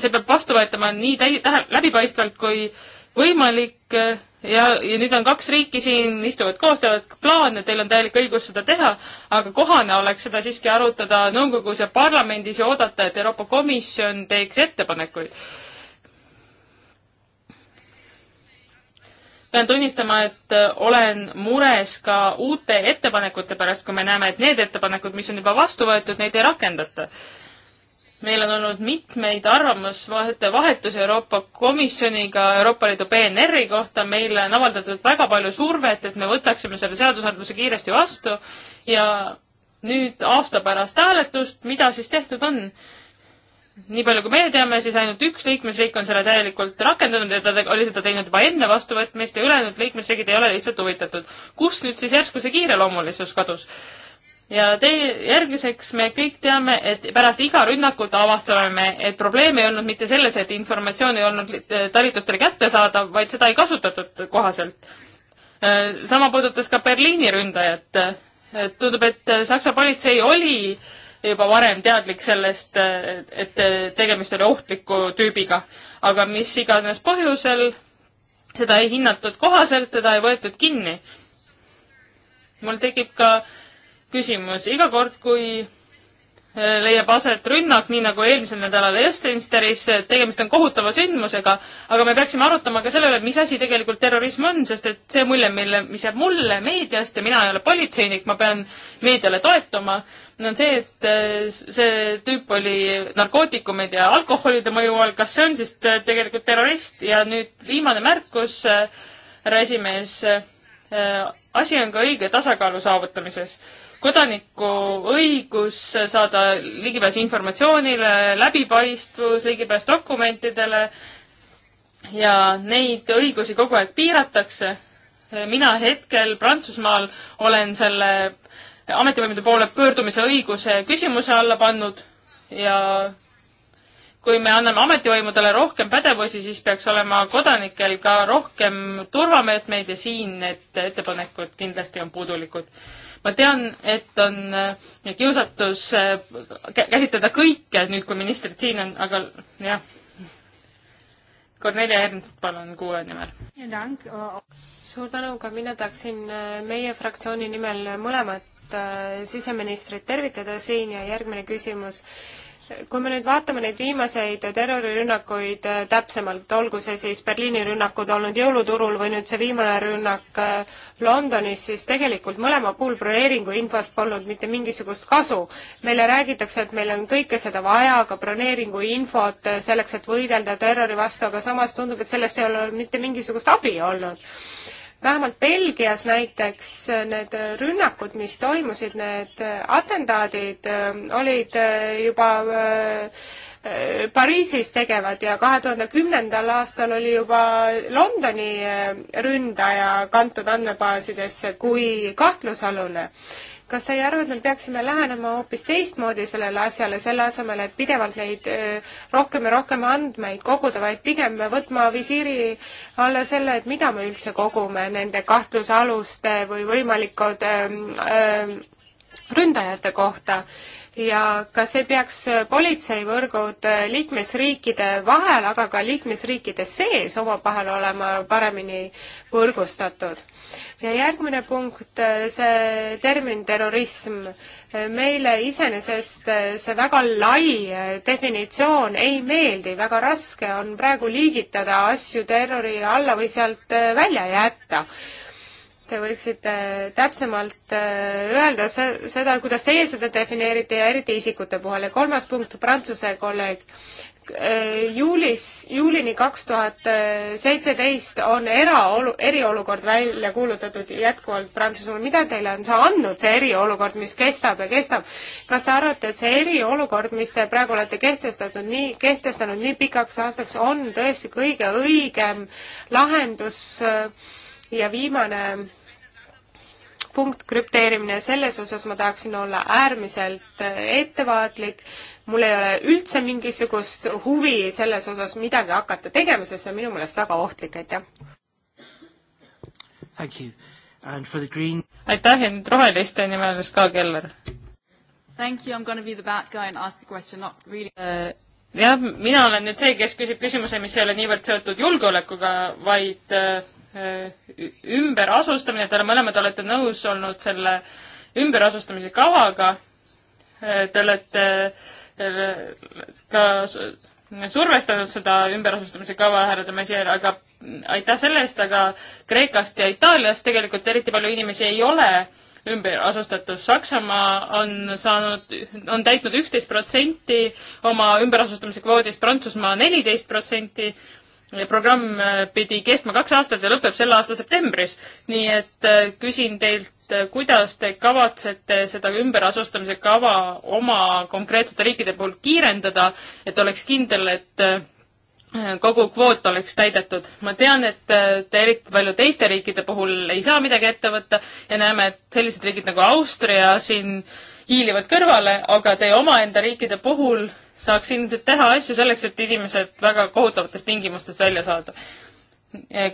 see peab vastu võetama nii täi-, läbipaistvalt kui võimalik eh, ja, ja nüüd on kaks riiki siin, istuvad koos, teevad plaane, teil on täielik õigus seda teha, aga kohane oleks seda siiski arutada nõukogus ja parlamendis ja oodata, et Euroopa Komisjon teeks ettepanekuid. pean tunnistama, et eh, olen mures ka uute ettepanekute pärast, kui me näeme, et need ettepanekud, mis on juba vastu võetud, neid ei rakendata meil on olnud mitmeid arvamusvahetusi Euroopa Komisjoniga Euroopa Liidu PNR-i kohta, meile on avaldatud väga palju survet, et me võtaksime selle seadusandluse kiiresti vastu ja nüüd aasta pärast hääletust, mida siis tehtud on? nii palju, kui meie teame, siis ainult üks liikmesriik on selle täielikult rakendanud ja ta oli seda teinud juba enne vastuvõtmist ja ülejäänud liikmesriigid ei ole lihtsalt huvitatud. kus nüüd siis järsku see kiireloomulisus kadus? ja tee, järgmiseks me kõik teame, et pärast iga rünnakut avastame me, et probleem ei olnud mitte selles, et informatsioon ei olnud talitustele kättesaadav, vaid seda ei kasutatud kohaselt. Äh, sama puudutas ka Berliini ründajat. Äh, tundub, et äh, Saksa politsei oli juba varem teadlik sellest, et tegemist oli ohtliku tüübiga, aga mis iganes põhjusel, seda ei hinnatud kohaselt, teda ei võetud kinni. mul tekib ka äh, küsimus, iga kord, kui äh, leiab aset rünnak, nii nagu eelmisel nädalal Westminsteris, äh, tegemist on kohutava sündmusega, aga me peaksime arutama ka selle üle, mis asi tegelikult terrorism on, sest et see mulje, mille, mis jääb mulle meediast ja mina ei ole politseinik, ma pean meediale toetuma, on see, et äh, see tüüp oli narkootikumid ja alkoholide mõju all, kas see on siis tegelikult terrorist ja nüüd viimane märkus, härra esimees, asi on ka õige tasakaalu saavutamises kodaniku õigus saada ligipääs informatsioonile, läbipaistvus, ligipääs dokumentidele ja neid õigusi kogu aeg piiratakse. mina hetkel Prantsusmaal olen selle ametivõimude poole pöördumise õiguse küsimuse alla pannud ja kui me anname ametivõimudele rohkem pädevusi, siis peaks olema kodanikel ka rohkem turvameetmeid ja siin need ettepanekud kindlasti on puudulikud ma tean, et on äh, kiusatus äh, käsitleda kõike nüüd, kui ministrid siin on, aga jah. Kornelia Ernst, palun, kuue nimel. suur tänu, ka mina tahaksin äh, meie fraktsiooni nimel mõlemat siseministrit tervitada siin ja järgmine küsimus kui me nüüd vaatame neid viimaseid terrorirünnakuid äh, täpsemalt, olgu see siis Berliini rünnakud olnud jõuluturul või nüüd see viimane rünnak äh, Londonis, siis tegelikult mõlema puhul broneeringu infost polnud mitte mingisugust kasu. meile räägitakse, et meil on kõike seda vaja, ka broneeringu infot äh, selleks, et võidelda terrori vastu, aga samas tundub, et sellest ei ole mitte mingisugust abi olnud vähemalt Belgias näiteks need rünnakud, mis toimusid, need atendaadid ähm, olid äh, juba äh, Pariisis tegevad ja kahe tuhande kümnendal aastal oli juba Londoni äh, ründaja kantud andmebaasidesse kui kahtlusalune kas te ei arva, et me peaksime lähenema hoopis teistmoodi sellele asjale, selle asemel, et pidevalt neid rohkem ja rohkem andmeid koguda, vaid pigem võtma visiiri alla selle, et mida me üldse kogume nende kahtlusaluste või võimalikud öö, öö, ründajate kohta ja kas ei peaks politseivõrgud liikmesriikide vahel, aga ka liikmesriikide sees omavahel olema paremini võrgustatud? ja järgmine punkt, see termin terrorism. meile iseenesest see väga lai definitsioon ei meeldi, väga raske on praegu liigitada asju terrori alla või sealt välja jätta te võiksite täpsemalt äh, öelda seda, kuidas teie seda defineerite ja eriti isikute puhul ja kolmas punkt, Prantsuse kolleeg. Äh, juulis, juulini kaks tuhat seitseteist on eraolu, eriolukord välja kuulutatud jätkuvalt Prantsusmaal. mida teile on see andnud, see eriolukord, mis kestab ja kestab? kas te arvate, et see eriolukord, mis te praegu olete kehtestatud nii, kehtestanud nii pikaks aastaks, on tõesti kõige õigem lahendus äh, ja viimane punkt, krüpteerimine, selles osas ma tahaksin olla äärmiselt ettevaatlik, mul ei ole üldse mingisugust huvi selles osas midagi hakata tegema, sest see on minu meelest väga ohtlik, aitäh. Green... aitäh ja nüüd roheliste nimel Ska Keller. Thank you, I am going to be the bad guy and ask the question, not really uh, jah, mina olen nüüd see, kes küsib küsimuse, mis ei ole niivõrd seotud julgeolekuga, vaid uh, Äh, ümberasustamine, te mõlemad olete nõus olnud selle ümberasustamise kavaga. Äh, te olete äh, ka survestanud seda ümberasustamise kava, härra Demesier, aga aitäh selle eest, aga Kreekast ja Itaaliast tegelikult eriti palju inimesi ei ole ümber asustatud. Saksamaa on saanud, on täitnud üksteist protsenti oma ümberasustamise kvoodist, Prantsusmaa neliteist protsenti programm äh, pidi kestma kaks aastat ja lõpeb selle aasta septembris. nii et äh, küsin teilt, äh, kuidas te kavatsete seda ümberasustamise kava oma konkreetsete riikide puhul kiirendada, et oleks kindel, et kogu kvoot oleks täidetud. ma tean, et te eriti palju teiste riikide puhul ei saa midagi ette võtta ja näeme, et sellised riigid nagu Austria siin äh, hiilivad kõrvale, aga teie omaenda riikide puhul saaks ilmselt teha asju selleks, et inimesed väga kohutavatest tingimustest välja saada.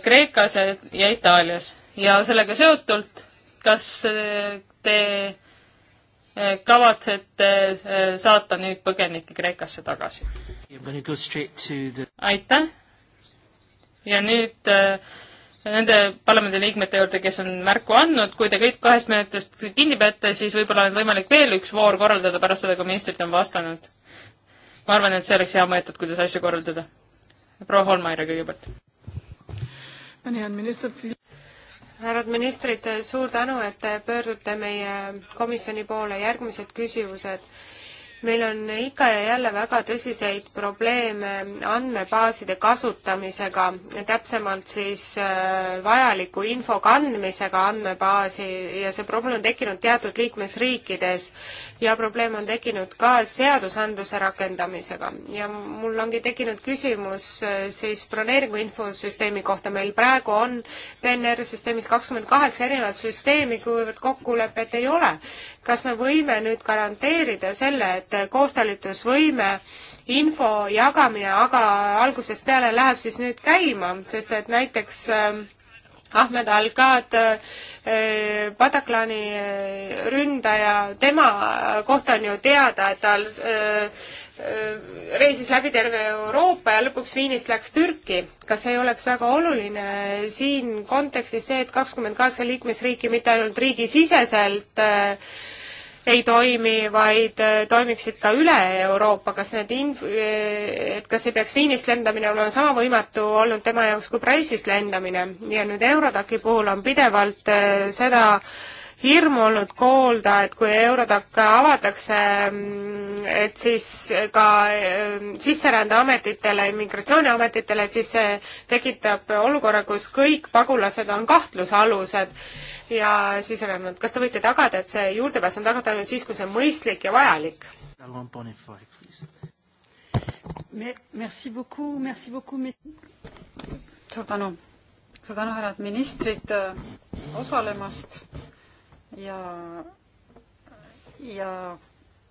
Kreekas ja, ja Itaalias ja sellega seotult, kas äh, te äh, kavatsete äh, saata nüüd põgenikke Kreekasse tagasi? Go the... aitäh! ja nüüd äh, nende parlamendiliikmete juurde, kes on märku andnud, kui te kõik kahest minutist kinni peate, siis võib-olla on võimalik veel üks voor korraldada pärast seda, kui ministrid on vastanud. ma arvan, et see oleks hea meetod, kuidas asju korraldada. proua Holmaire kõigepealt. härrad ministrid, suur tänu, et te pöördute meie komisjoni poole, järgmised küsimused meil on ikka ja jälle väga tõsiseid probleeme andmebaaside kasutamisega, täpsemalt siis äh, vajaliku info kandmisega andmebaasi ja see probleem on tekkinud teatud liikmesriikides ja probleem on tekkinud ka seadusandluse rakendamisega. ja mul ongi tekkinud küsimus äh, siis broneeringu infosüsteemi kohta, meil praegu on PNR-süsteemis kakskümmend kaheksa erinevat süsteemi, kuivõrd kokkulepet ei ole. kas me võime nüüd garanteerida selle, et et koostalitusvõime info jagamine aga algusest peale läheb siis nüüd käima, sest et näiteks ähm, Ahmed Al-Qad, äh, Bataklani äh, ründaja, tema kohta on ju teada, et tal äh, reisis läbi terve Euroopa ja lõpuks Viinist läks Türki. kas ei oleks väga oluline siin kontekstis see, et kakskümmend kaheksa liikmesriiki mitte ainult riigisiseselt äh, ei toimi, vaid äh, toimiksid ka üle Euroopa, kas need inf-, äh, et kas ei peaks Viinist lendamine olema sama võimatu olnud tema jaoks kui Pariisist lendamine ja nüüd Eurodaki puhul on pidevalt äh, seda äh, hirmu olnud kuulda, et kui Eurodac avatakse, et siis ka ähm, sisserändeametitele, immigratsiooniametitele, et siis see tekitab olukorra, kus kõik pagulased on kahtlusalused ja sisserännanud. kas te võite tagada, et see juurdepääs on tagatud ainult siis, kui see on mõistlik ja vajalik? suur tänu, suur tänu, härrad ministrid äh, osalemast ja, ja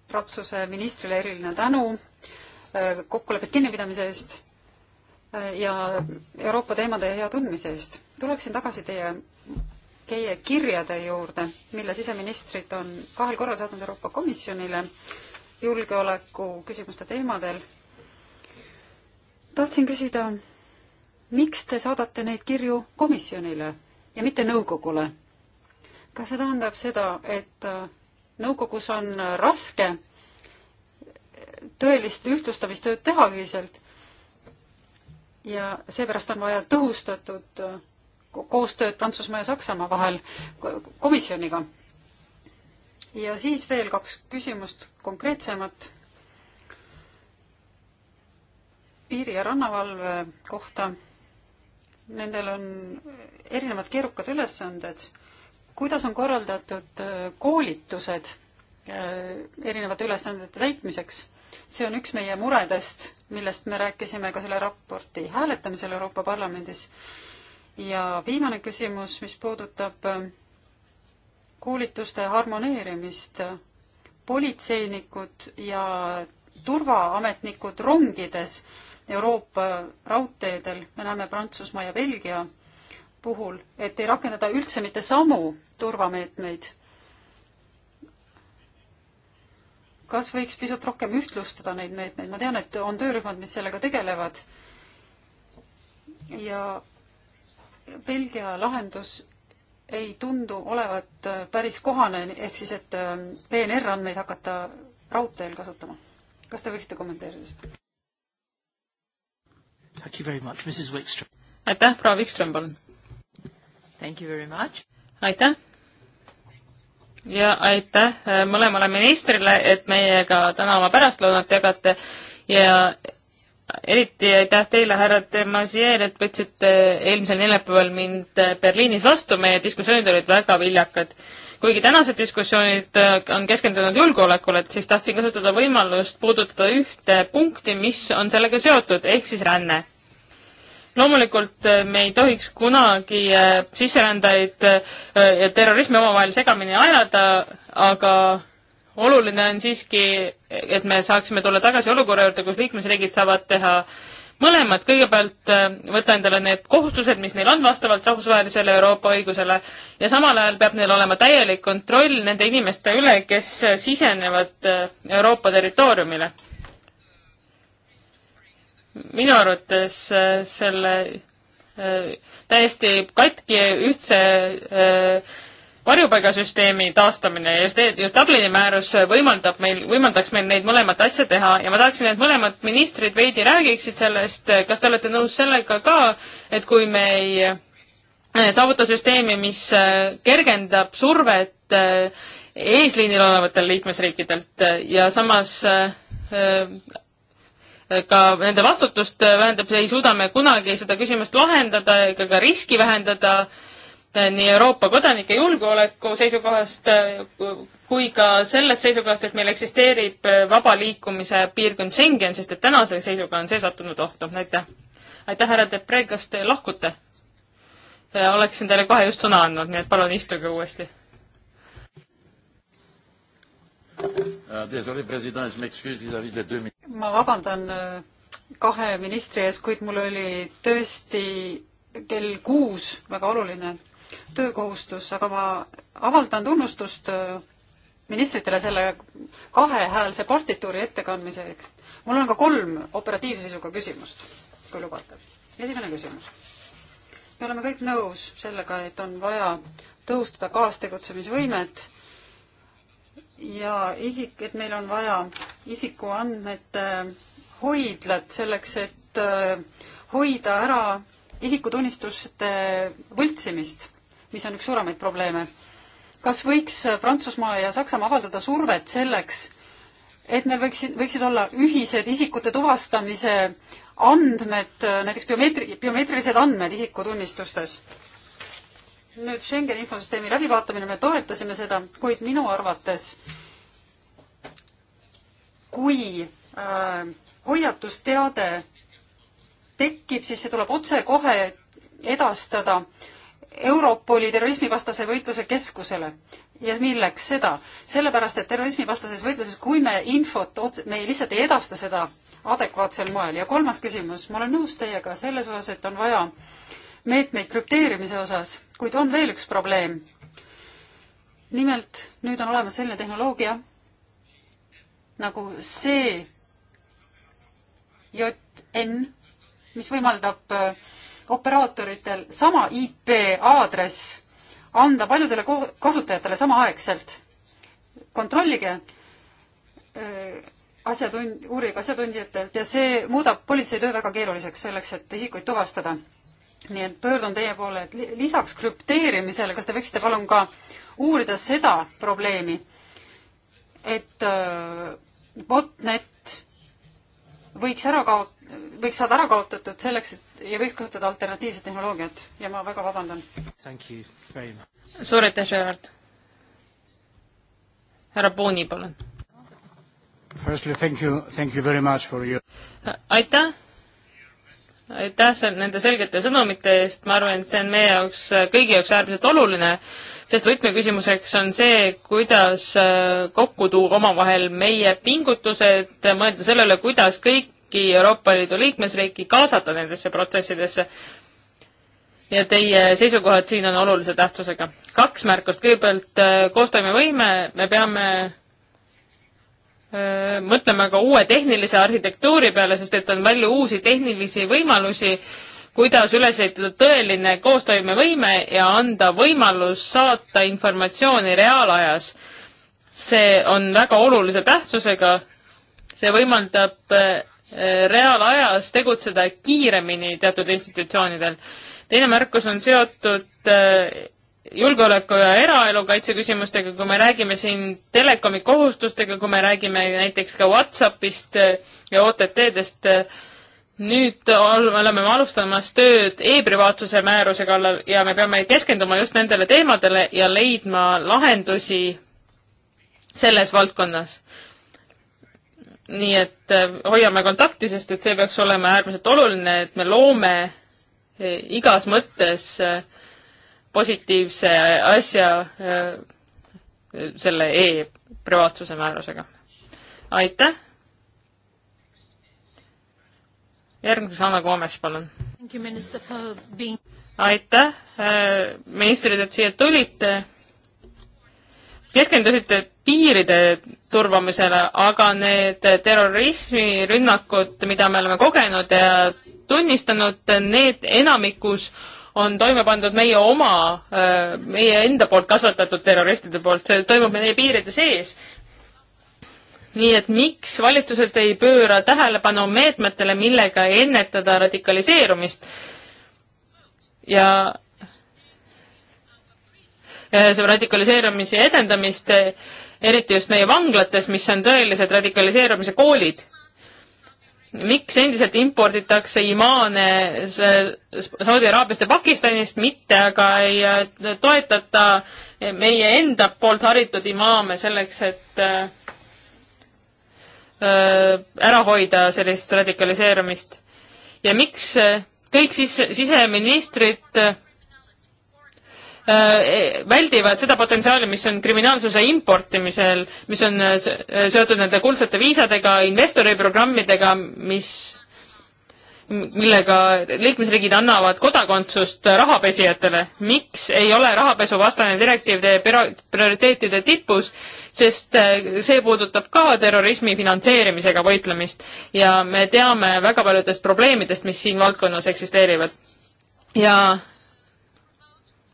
Prantsuse ministrile eriline tänu äh, kokkuleppest kinnipidamise eest äh, ja Euroopa teemade hea tundmise eest. tuleksin tagasi teie, teie kirjade juurde, mille siseministrid on kahel korral saatnud Euroopa Komisjonile julgeoleku küsimuste teemadel. tahtsin küsida, miks te saadate neid kirju komisjonile ja mitte nõukogule? kas see tähendab seda, et äh, nõukogus on äh, raske tõelist ühtlustamistööd teha ühiselt ja seepärast on vaja tõhustatud äh, koostööd Prantsusmaa ja Saksamaa vahel komisjoniga. ja siis veel kaks küsimust konkreetsemat. piiri- ja rannavalve kohta. Nendel on erinevad keerukad ülesanded kuidas on korraldatud äh, koolitused äh, erinevate ülesandete täitmiseks? see on üks meie muredest, millest me rääkisime ka selle raporti hääletamisel Euroopa Parlamendis. ja viimane küsimus, mis puudutab äh, koolituste harmoneerimist. politseinikud ja turvaametnikud rongides Euroopa raudteedel, me näeme Prantsusmaa ja Belgia puhul, et ei rakendada üldse mitte samu turvameetmeid. kas võiks pisut rohkem ühtlustada neid meetmeid, ma tean, et on töörühmad, mis sellega tegelevad ja Belgia lahendus ei tundu olevat päris kohane, ehk siis, et ähm, PNR-andmeid hakata raudteel kasutama. kas te võiksite kommenteerida seda? aitäh, proua Wikström, palun! aitäh! ja aitäh äh, mõlemale ministrile, et meiega täna oma pärastlõunat jagate ja eriti aitäh teile, härra Demasier, et võtsite äh, eelmisel neljapäeval mind äh, Berliinis vastu, meie diskussioonid olid väga viljakad. kuigi tänased diskussioonid on keskendunud julgeolekule, siis tahtsin kasutada võimalust puudutada ühte punkti, mis on sellega seotud, ehk siis ränne loomulikult äh, me ei tohiks kunagi äh, sisserändajaid äh, ja terrorismi omavahel segamini ajada, aga oluline on siiski, et me saaksime tulla tagasi olukorra juurde, kus liikmesriigid saavad teha mõlemad, kõigepealt võtta endale need kohustused, mis neil on vastavalt rahvusvahelisele Euroopa õigusele ja samal ajal peab neil olema täielik kontroll nende inimeste üle, kes sisenevad Euroopa territooriumile minu arvates äh, selle äh, täiesti katki ühtse äh, varjupaigasüsteemi taastamine ja just Dublini määrus võimaldab meil, võimaldaks meil neid mõlemat asja teha ja ma tahaksin, et mõlemad ministrid veidi räägiksid sellest, kas te olete nõus sellega ka, et kui me ei saavuta süsteemi, mis kergendab survet eesliinil olevatel liikmesriikidelt ja samas ka nende vastutust vähendab, ei suuda me kunagi seda küsimust lahendada ega ka riski vähendada eh, nii Euroopa kodanike julgeoleku seisukohast eh, kui ka sellest seisukohast, et meil eksisteerib eh, vaba liikumise piirkond Schengen, sest et tänase seisuga on see sattunud ohtu. aitäh. aitäh, härra Depre, kas te lahkute? oleksin teile kohe just sõna andnud, nii et palun istuge uuesti Euh, ma vabandan euh, kahe ministri ees, kuid mul oli tõesti kell kuus väga oluline töökohustus, aga ma avaldan tunnustust äh, ministritele selle kahehäälse partituuri ettekandmise eest. mul on ka kolm operatiivse sisuga küsimust, kui lubate. esimene küsimus. me oleme kõik nõus sellega, et on vaja tõhustada kaastegutsemisvõimet ja isik, et meil on vaja isikuandmete hoidlat selleks, et äh, hoida ära isikutunnistuste võltsimist, mis on üks suuremaid probleeme. kas võiks Prantsusmaa ja Saksamaa avaldada survet selleks, et meil võiksid, võiksid olla ühised isikute tuvastamise andmed, äh, näiteks biomeetri-, biomeetrilised andmed isikutunnistustes? nüüd Schengeni infosüsteemi läbivaatamine, me toetasime seda, kuid minu arvates kui äh, hoiatusteade tekib, siis see tuleb otsekohe edastada Europoli terrorismivastase võitluse keskusele. ja milleks seda? sellepärast, et terrorismivastases võitluses, kui me infot, me ei lihtsalt ei edasta seda adekvaatsel moel ja kolmas küsimus, ma olen nõus teiega selles osas, et on vaja äh, meetmeid krüpteerimise osas, kuid on veel üks probleem. nimelt nüüd on olemas selline tehnoloogia nagu CJN, mis võimaldab äh, operaatoritel sama IP aadress anda paljudele kasutajatele samaaegselt. kontrollige äh, asjatund-, uurige asjatundjatelt ja see muudab politsei töö väga keeruliseks selleks, et isikuid tuvastada nii et pöördun teie poole, et lisaks krüpteerimisele, kas te võiksite palun ka uurida seda probleemi, et äh, botnet võiks ära kaot-, võiks saada ära kaotatud selleks, et ja võiks kasutada alternatiivset tehnoloogiat ja ma väga vabandan. suur aitäh, Gerard. härra Booni, palun. aitäh aitäh nende selgete sõnumite eest, ma arvan, et see on meie jaoks, kõigi jaoks äärmiselt oluline, sest võtmeküsimuseks on see, kuidas äh, kokku tuua omavahel meie pingutused, mõelda sellele, kuidas kõiki Euroopa Liidu liikmesriiki kaasata nendesse protsessidesse. ja teie seisukohad siin on olulise tähtsusega. kaks märkust, kõigepealt äh, koostoimevõime, me peame Äh, mõtlema ka uue tehnilise arhitektuuri peale, sest et on palju uusi tehnilisi võimalusi, kuidas üles ehitada tõeline koostoimevõime ja anda võimalus saata informatsiooni reaalajas. see on väga olulise tähtsusega, see võimaldab äh, reaalajas tegutseda kiiremini teatud institutsioonidel. teine märkus on seotud äh, julgeoleku ja eraelu kaitse küsimustega, kui me räägime siin telekomi kohustustega, kui me räägime näiteks ka Whatsappist äh, ja OTT-dest, äh, nüüd oleme me alustamas tööd e-privaatsuse määruse kallal ja me peame keskenduma just nendele teemadele ja leidma lahendusi selles valdkonnas. nii et äh, hoiame kontakti, sest et see peaks olema äärmiselt oluline, et me loome igas mõttes äh, positiivse asja eh, selle e-privaatsuse määrusega. aitäh! järgmiseks Anna Koomes, palun. aitäh, eh, ministrid, et siia tulite. keskendusite piiride turvamisele, aga need terrorismirünnakud, mida me oleme kogenud ja tunnistanud, need enamikus on toime pandud meie oma, äh, meie enda poolt kasvatatud terroristide poolt, see toimub meie piiride sees. nii et miks valitsused ei pööra tähelepanu meetmetele, millega ennetada radikaliseerumist ja äh, see radikaliseerumise edendamist, äh, eriti just meie vanglates, mis on tõelised radikaliseerumise koolid miks endiselt imporditakse imaane Saudi Araabiast ja Pakistanist, mitte aga ei äh, toetata meie enda poolt haritud imaame selleks, et äh, äh, ära hoida sellist radikaliseerumist. ja miks kõik siis siseministrid Äh, väldivad seda potentsiaali, mis on kriminaalsuse importimisel, mis on äh, äh, seotud nende kuldsete viisadega, investoriprogrammidega, mis, millega liikmesriigid annavad kodakondsust rahapesijatele. miks ei ole rahapesuvastane direktiiv teie prioriteetide tipus, sest see puudutab ka terrorismi finantseerimisega võitlemist ja me teame väga paljudest probleemidest, mis siin valdkonnas eksisteerivad. ja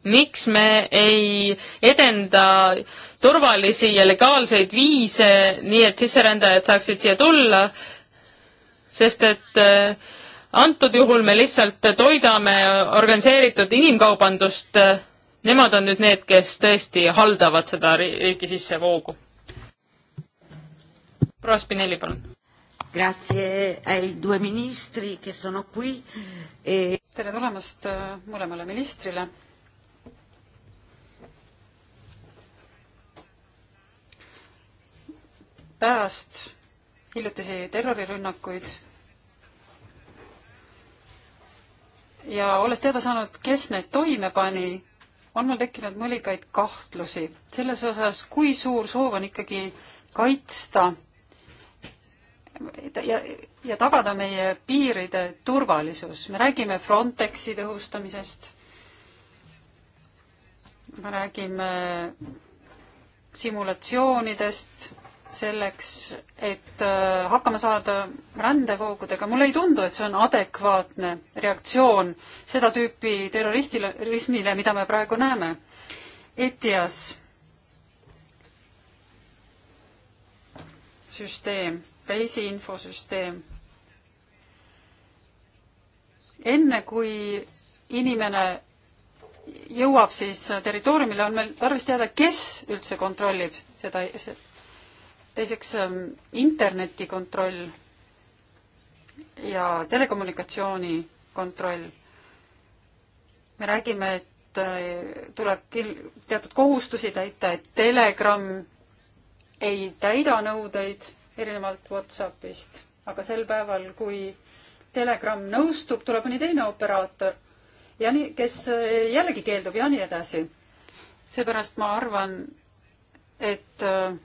miks me ei edenda turvalisi ja legaalseid viise, nii et sisserändajad saaksid siia tulla, sest et äh, antud juhul me lihtsalt toidame organiseeritud inimkaubandust. Äh, nemad on nüüd need, kes tõesti haldavad seda riiki sissevoogu. proua Spinelli, palun. Grazie ai due ministri che sono qui e.... tere tulemast äh, mõlemale ministrile pärast hiljutisi terrorirünnakuid ja olles teada saanud, kes need toime pani, on mul tekkinud mõningaid kahtlusi selles osas, kui suur soov on ikkagi kaitsta ja, ja tagada meie piiride turvalisus. me räägime Frontexi tõhustamisest, me räägime simulatsioonidest, selleks, et äh, hakkama saada rändevoogudega. mulle ei tundu, et see on adekvaatne reaktsioon seda tüüpi terrorismile, mida me praegu näeme. ETIAS süsteem, reisiinfosüsteem. enne kui inimene jõuab siis territooriumile, on meil tarvis teada, kes üldse kontrollib seda teiseks ähm, interneti kontroll ja telekommunikatsiooni kontroll. me räägime, et äh, tuleb küll teatud kohustusi täita, et Telegram ei täida nõudeid erinevalt Whatsappist, aga sel päeval, kui Telegram nõustub, tuleb mõni teine operaator ja nii, kes äh, jällegi keeldub ja nii edasi. seepärast ma arvan, et äh,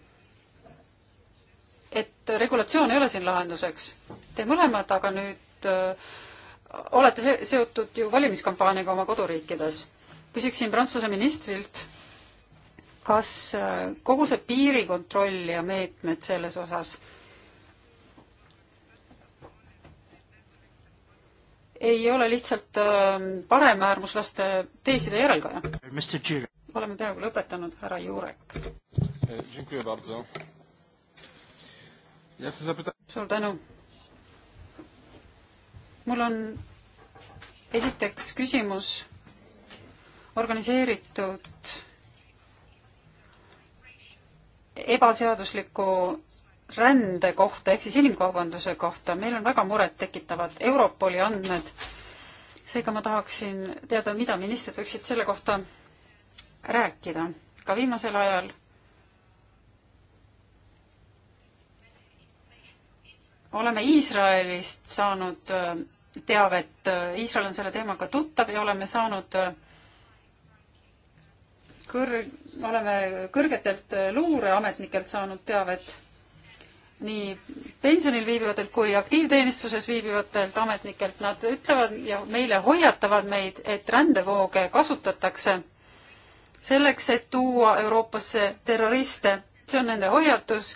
et regulatsioon ei ole siin lahenduseks. Te mõlemad aga nüüd öö, äh, olete se seotud ju valimiskampaaniaga oma koduriikides. küsiksin Prantsuse ministrilt, kas äh, kogu see piirikontroll ja meetmed selles osas ei ole lihtsalt äh, paremäärmuslaste teeside järelkaja? oleme peaaegu lõpetanud, härra Jurek suur tänu. mul on esiteks küsimus organiseeritud ebaseadusliku rände kohta ehk siis inimkaubanduse kohta. meil on väga murettekitavad Europoli andmed. seega ma tahaksin teada, mida ministrid võiksid selle kohta rääkida. ka viimasel ajal oleme Iisraelist saanud äh, teavet, äh, Iisrael on selle teemaga tuttav ja oleme saanud äh, kõr-, oleme kõrgetelt luureametnikelt saanud teavet nii pensionil viibivatelt kui aktiivteenistuses viibivatelt ametnikelt, nad ütlevad ja meile hoiatavad meid, et rändevooge kasutatakse selleks, et tuua Euroopasse terroriste. see on nende hoiatus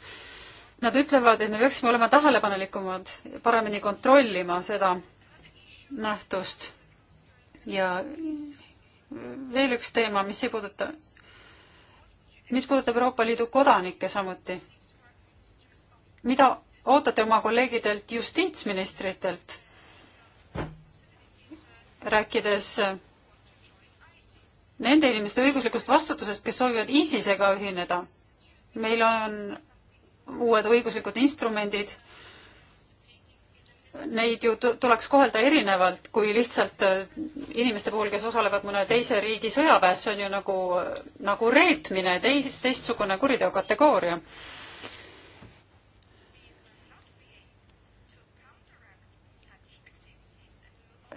Nad ütlevad, et me peaksime olema tähelepanelikumad, paremini kontrollima seda nähtust. ja veel üks teema, mis ei puuduta, mis puudutab Euroopa Liidu kodanikke samuti. mida ootate oma kolleegidelt justiitsministritelt, rääkides nende inimeste õiguslikust vastutusest, kes soovivad ISISega ühineda? meil on uued õiguslikud instrumendid, neid ju tuleks kohelda erinevalt kui lihtsalt äh, inimeste puhul, kes osalevad mõne teise riigi sõjaväes, see on ju nagu, nagu reetmine, teis, teistsugune kuriteokategooria.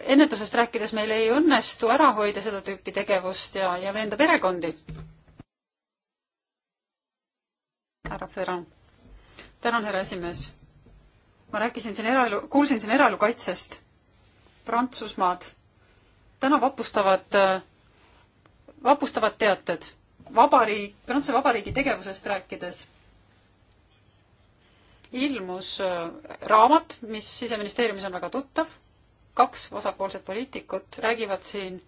ennetusest rääkides meil ei õnnestu ära hoida seda tüüpi tegevust ja, ja veenda perekondi. härra Ferrand tänan, härra esimees. ma rääkisin siin eraelu, kuulsin siin eraelu kaitsest. Prantsusmaad täna vapustavad, äh, vapustavad teated vabariik, Prantsuse Vabariigi tegevusest rääkides ilmus äh, raamat, mis siseministeeriumis on väga tuttav, kaks vasakpoolset poliitikut räägivad siin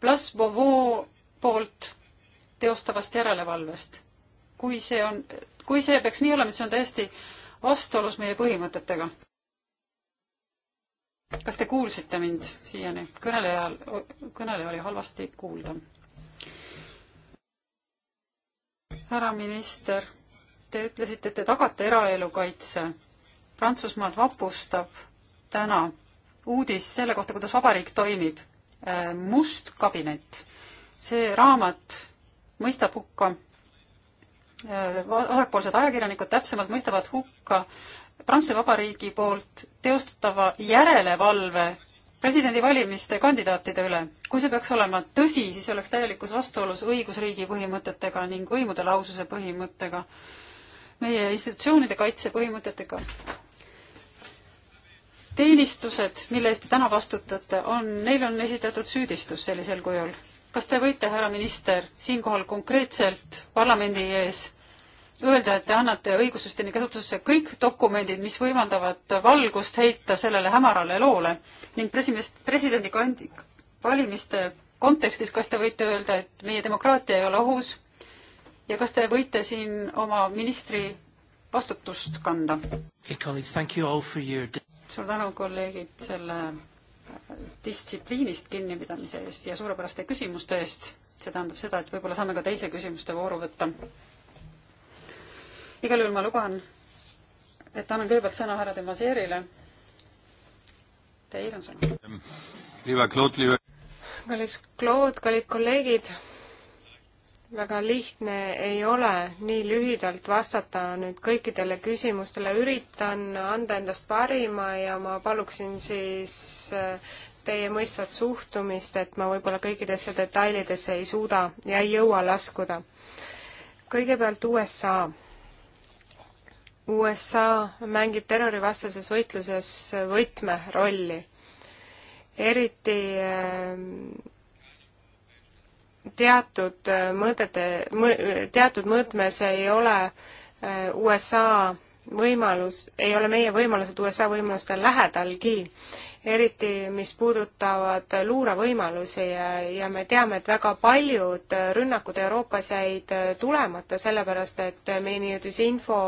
Place Beauvau poolt teostavast järelevalvest. kui see on kui see peaks nii olema, siis on täiesti vastuolus meie põhimõtetega. kas te kuulsite mind siiani? kõnelejal, kõneleja oli halvasti kuulda. härra minister, te ütlesite, et te tagate eraelu kaitse. Prantsusmaad vapustab täna uudis selle kohta, kuidas vabariik toimib. Äh, must kabinet. see raamat mõistab hukka Äh, vasakpoolsed ajakirjanikud täpsemalt mõistavad hukka Prantsuse Vabariigi poolt teostatava järelevalve presidendivalimiste kandidaatide üle. kui see peaks olema tõsi, siis oleks täielikus vastuolus õigusriigi põhimõtetega ning võimude laususe põhimõttega, meie institutsioonide kaitse põhimõtetega. teenistused, mille eest te täna vastutate, on, neile on esitatud süüdistus sellisel kujul kas te võite, härra minister, siinkohal konkreetselt parlamendi ees öelda, et te annate õigussüsteemi käsutusse kõik dokumendid, mis võimaldavad valgust heita sellele hämarale loole ning presimest, presidendi kandi-, valimiste kontekstis, kas te võite öelda, et meie demokraatia ei ole ohus ja kas te võite siin oma ministri vastutust kanda? suur tänu, kolleegid, selle distsipliinist kinnipidamise eest ja suurepäraste küsimuste eest. see tähendab seda, et võib-olla saame ka teise küsimuste vooru võtta. igal juhul ma luban, et annan kõigepealt sõna härra Demaseerile. Teil on sõna. kallis Claude, kallid kolleegid väga lihtne ei ole nii lühidalt vastata nüüd kõikidele küsimustele, üritan anda endast parima ja ma paluksin siis äh, teie mõistvat suhtumist, et ma võib-olla kõikidesse detailidesse ei suuda ja ei jõua laskuda. kõigepealt USA. USA mängib terrorivastases võitluses võtmerolli, eriti äh, teatud äh, mõõdete, teatud mõõtmes ei ole äh, USA võimalus, ei ole meie võimalused USA võimalustel lähedalgi, eriti mis puudutavad luurevõimalusi ja, ja me teame, et väga paljud rünnakud Euroopas jäid tulemata, sellepärast et meini jõudis info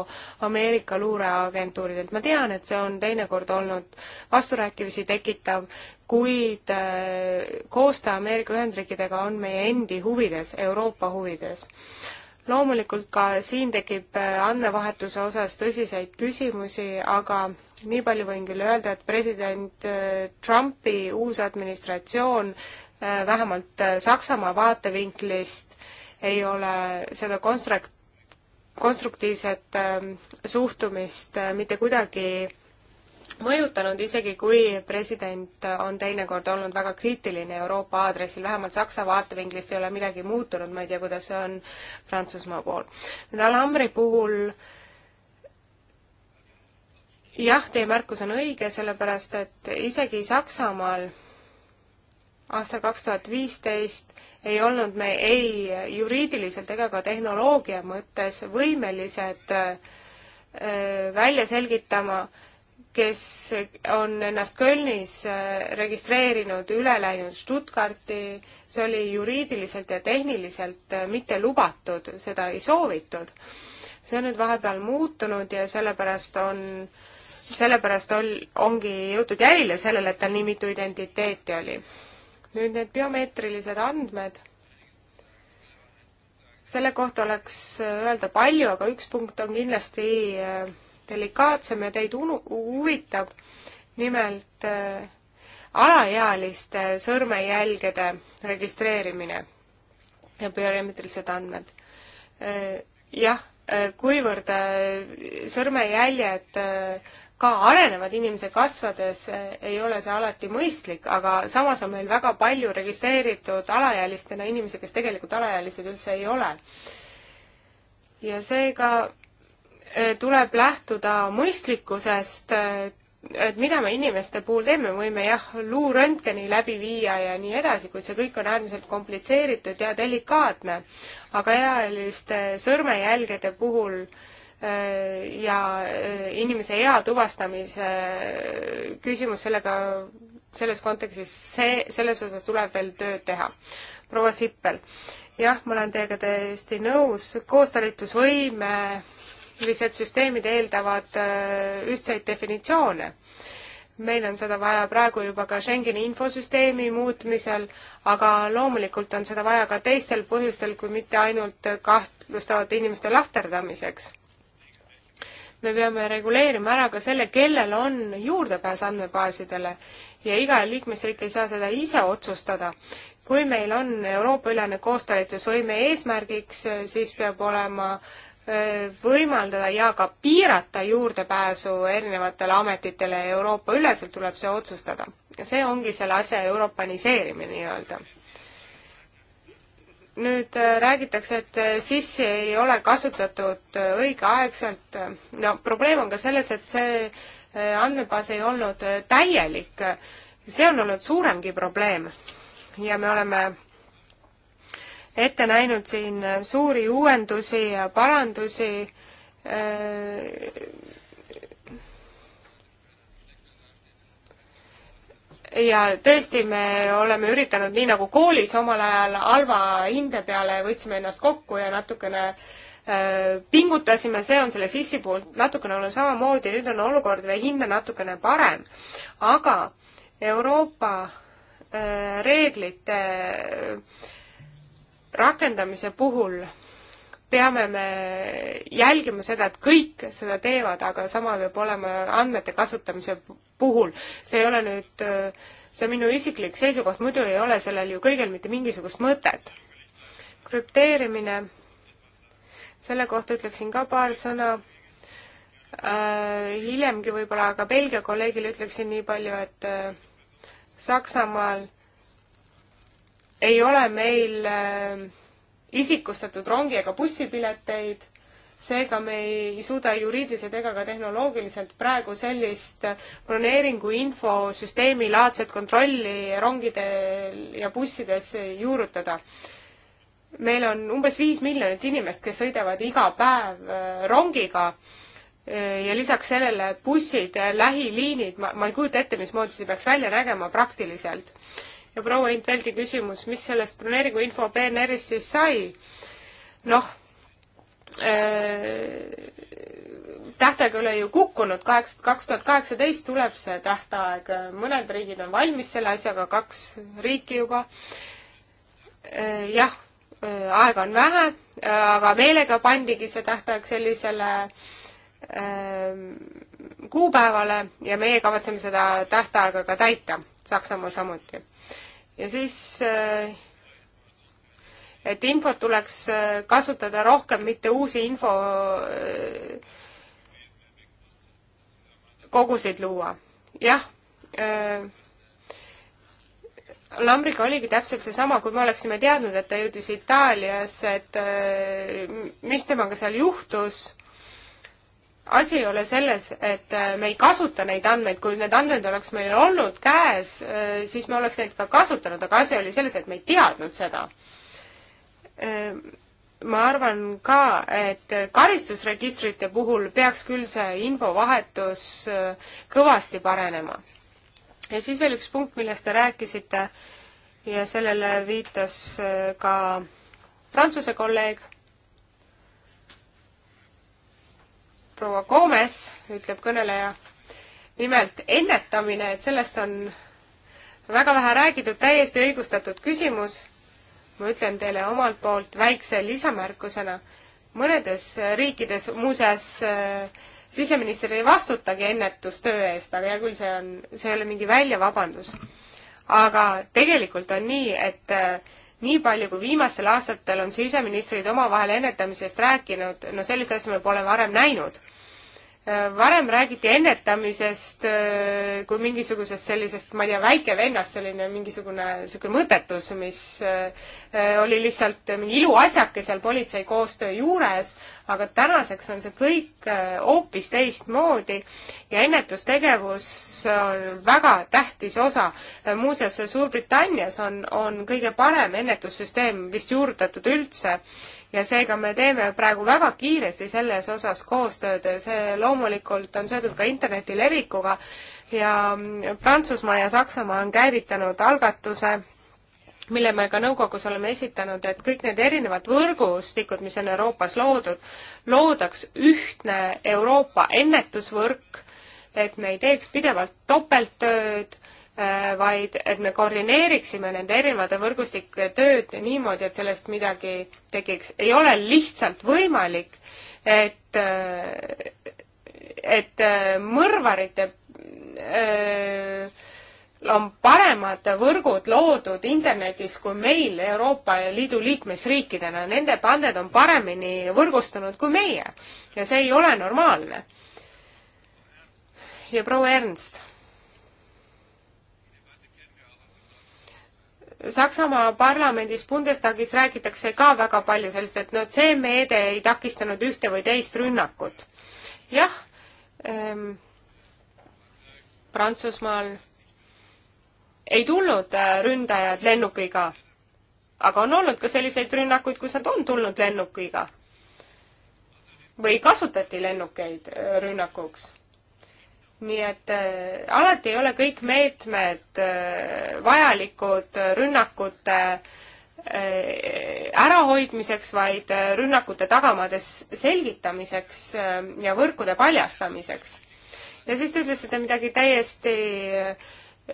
Ameerika luureagentuuridelt. ma tean, et see on teinekord olnud vasturääkivusi tekitav, kuid äh, koostöö Ameerika Ühendriikidega on meie endi huvides, Euroopa huvides loomulikult ka siin tekib äh, andmevahetuse osas tõsiseid küsimusi, aga nii palju võin küll öelda, et president äh, Trumpi uus administratsioon äh, vähemalt Saksamaa vaatevinklist ei ole seda konstrukt-, konstruktiivset ähm, suhtumist mitte kuidagi mõjutanud, isegi kui president on teinekord olnud väga kriitiline Euroopa aadressil, vähemalt Saksa vaatevinklist ei ole midagi muutunud, ma ei tea, kuidas see on Prantsusmaa pool. nüüd Alhambri puhul jah, teie märkus on õige, sellepärast et isegi Saksamaal aastal kaks tuhat viisteist ei olnud me ei juriidiliselt ega ka tehnoloogia mõttes võimelised äh, välja selgitama, kes on ennast Kölnis äh, registreerinud, üle läinud Stuttgarti, see oli juriidiliselt ja tehniliselt äh, mitte lubatud, seda ei soovitud. see on nüüd vahepeal muutunud ja sellepärast on, sellepärast on, ongi jõutud jälile sellele, et tal nii mitu identiteeti oli. nüüd need biomeetrilised andmed, selle kohta oleks äh, öelda palju, aga üks punkt on kindlasti delikaatsem ja teid unu-, huvitab nimelt äh, alaealiste sõrmejälgede registreerimine ja biomeetrilised andmed äh,. jah äh,, kuivõrd äh, sõrmejäljed äh, ka arenevad inimese kasvades äh, ei ole see alati mõistlik, aga samas on meil väga palju registreeritud alaealistena inimesi, kes tegelikult alaealised üldse ei ole. ja seega tuleb lähtuda mõistlikkusest, et mida me inimeste puhul teeme, võime jah, luuröntgeni läbi viia ja nii edasi, kuid see kõik on äärmiselt komplitseeritud ja delikaatne. aga ealiste sõrmejälgede puhul äh, ja äh, inimese ea tuvastamise äh, küsimus sellega, selles kontekstis, see, selles osas tuleb veel tööd teha. proua Sippel, jah, ma olen teiega täiesti nõus, koostalitusvõime kollektiivsed süsteemid eeldavad äh, ühtseid definitsioone. meil on seda vaja praegu juba ka Schengeni infosüsteemi muutmisel, aga loomulikult on seda vaja ka teistel põhjustel, kui mitte ainult kahtlustavate inimeste lahterdamiseks me peame reguleerima ära ka selle, kellel on juurdepääs andmebaasidele ja iga liikmesriik ei saa seda ise otsustada. kui meil on Euroopa-ülene koostalitusvõime eesmärgiks, siis peab olema võimaldada ja ka piirata juurdepääsu erinevatele ametitele Euroopa üleselt, tuleb see otsustada. ja see ongi selle asja europaniseerimine nii-öelda. nüüd räägitakse, et sissi ei ole kasutatud õigeaegselt, no probleem on ka selles, et see andmebaas ei olnud täielik, see on olnud suuremgi probleem ja me oleme ette näinud siin suuri uuendusi ja parandusi. Äh, ja tõesti, me oleme üritanud, nii nagu koolis omal ajal halva hinde peale võtsime ennast kokku ja natukene äh, pingutasime, see on selle sissi poolt natukene olnud samamoodi, nüüd on olukord või hinne natukene parem. aga Euroopa äh, reeglite äh, rakendamise puhul peame me jälgima seda, et kõik seda teevad, aga sama peab olema andmete kasutamise puhul. see ei ole nüüd, see on minu isiklik seisukoht, muidu ei ole sellel ju kõigil mitte mingisugust mõtet. krüpteerimine, selle kohta ütleksin ka paar sõna äh,, hiljemgi võib-olla, aga Belgia kolleegile ütleksin nii palju, et äh, Saksamaal äh, ei ole meil äh, isikustatud rongi- ega bussipileteid, seega me ei suuda juriidiliselt ega ka tehnoloogiliselt praegu sellist äh, broneeringu infosüsteemi laadset kontrolli rongidel ja bussides äh, juurutada. meil on umbes viis miljonit inimest, kes sõidavad iga päev rongiga ja lisaks sellele bussid, lähiliinid, ma, ma ei kujuta ette, mismoodi see peaks välja nägema praktiliselt ja proua Intveldi küsimus, mis sellest broneeringuinfo PNR-ist siis sai? noh äh,, tähtaeg ei ole ju kukkunud, kaheksa, kaks tuhat kaheksateist tuleb see tähtaeg, mõned riigid on valmis selle asjaga, kaks riiki juba äh,. jah äh,, aega on vähe, aga meelega pandigi see tähtaeg sellisele äh, Ähm, kuupäevale ja meie kavatseme seda tähtaega ka täita, Saksamaal samuti. ja siis, äh, et infot tuleks äh, kasutada rohkem, mitte uusi info äh, koguseid luua. jah, Lambriga oligi täpselt seesama, kui me oleksime teadnud, et ta jõudis Itaaliasse, et mis temaga seal juhtus asi ei ole selles, et äh, me ei kasuta neid andmeid, kui need andmed oleks meil olnud käes, äh, siis me oleks neid ka kasutanud, aga asi oli selles, et me ei teadnud seda. Äh, ma arvan ka, et karistusregistrite puhul peaks küll see infovahetus kõvasti parenema. ja siis veel üks punkt, millest te rääkisite ja sellele viitas ka Prantsuse kolleeg, proua Gomes, ütleb kõneleja. nimelt ennetamine, et sellest on väga vähe räägitud, täiesti õigustatud küsimus. ma ütlen teile omalt poolt väikse lisamärkusena. mõnedes riikides muuseas äh, siseminister ei vastutagi ennetustöö eest, aga hea küll, see on, see ei ole mingi väljavabandus. aga tegelikult on nii, et äh, nii palju, kui viimastel aastatel on siseministrid omavahel ennetamisest rääkinud, no sellist asja me pole varem näinud varem räägiti ennetamisest äh, kui mingisugusest sellisest, ma ei tea, väike vennas selline mingisugune niisugune mõttetus, mis äh, oli lihtsalt mingi iluasjake seal politsei koostöö juures, aga tänaseks on see kõik äh, hoopis teistmoodi ja ennetustegevus on väga tähtis osa. muuseas, Suurbritannias on, on kõige parem ennetussüsteem vist juurutatud üldse ja seega me teeme praegu väga kiiresti selles osas koostööd, see loomulikult on seotud ka interneti levikuga ja mm, Prantsusmaa ja Saksamaa on käivitanud algatuse, mille me ka nõukogus oleme esitanud, et kõik need erinevad võrgustikud, mis on Euroopas loodud, loodaks ühtne Euroopa ennetusvõrk, et me ei teeks pidevalt topelttööd Äh, vaid et me koordineeriksime nende erinevate võrgustike tööd niimoodi, et sellest midagi tekiks. ei ole lihtsalt võimalik, et, äh, et äh, mõrvarite on paremad võrgud loodud internetis kui meil Euroopa Liidu liikmesriikidena. Nende panded on paremini võrgustunud kui meie ja see ei ole normaalne. ja proua Ernst Saksamaa parlamendis Bundestagis räägitakse ka väga palju sellest, et no see meede ei takistanud ühte või teist rünnakut. jah ähm,, Prantsusmaal ei tulnud äh, ründajad lennukiga, aga on olnud ka selliseid rünnakuid, kus nad on tulnud lennukiga või kasutati lennukeid äh, rünnakuks nii et äh, alati ei ole kõik meetmed äh, vajalikud rünnakute äh, ärahoidmiseks, vaid äh, rünnakute tagamaades selgitamiseks äh, ja võrkude paljastamiseks. ja siis te ütlesite midagi täiesti äh,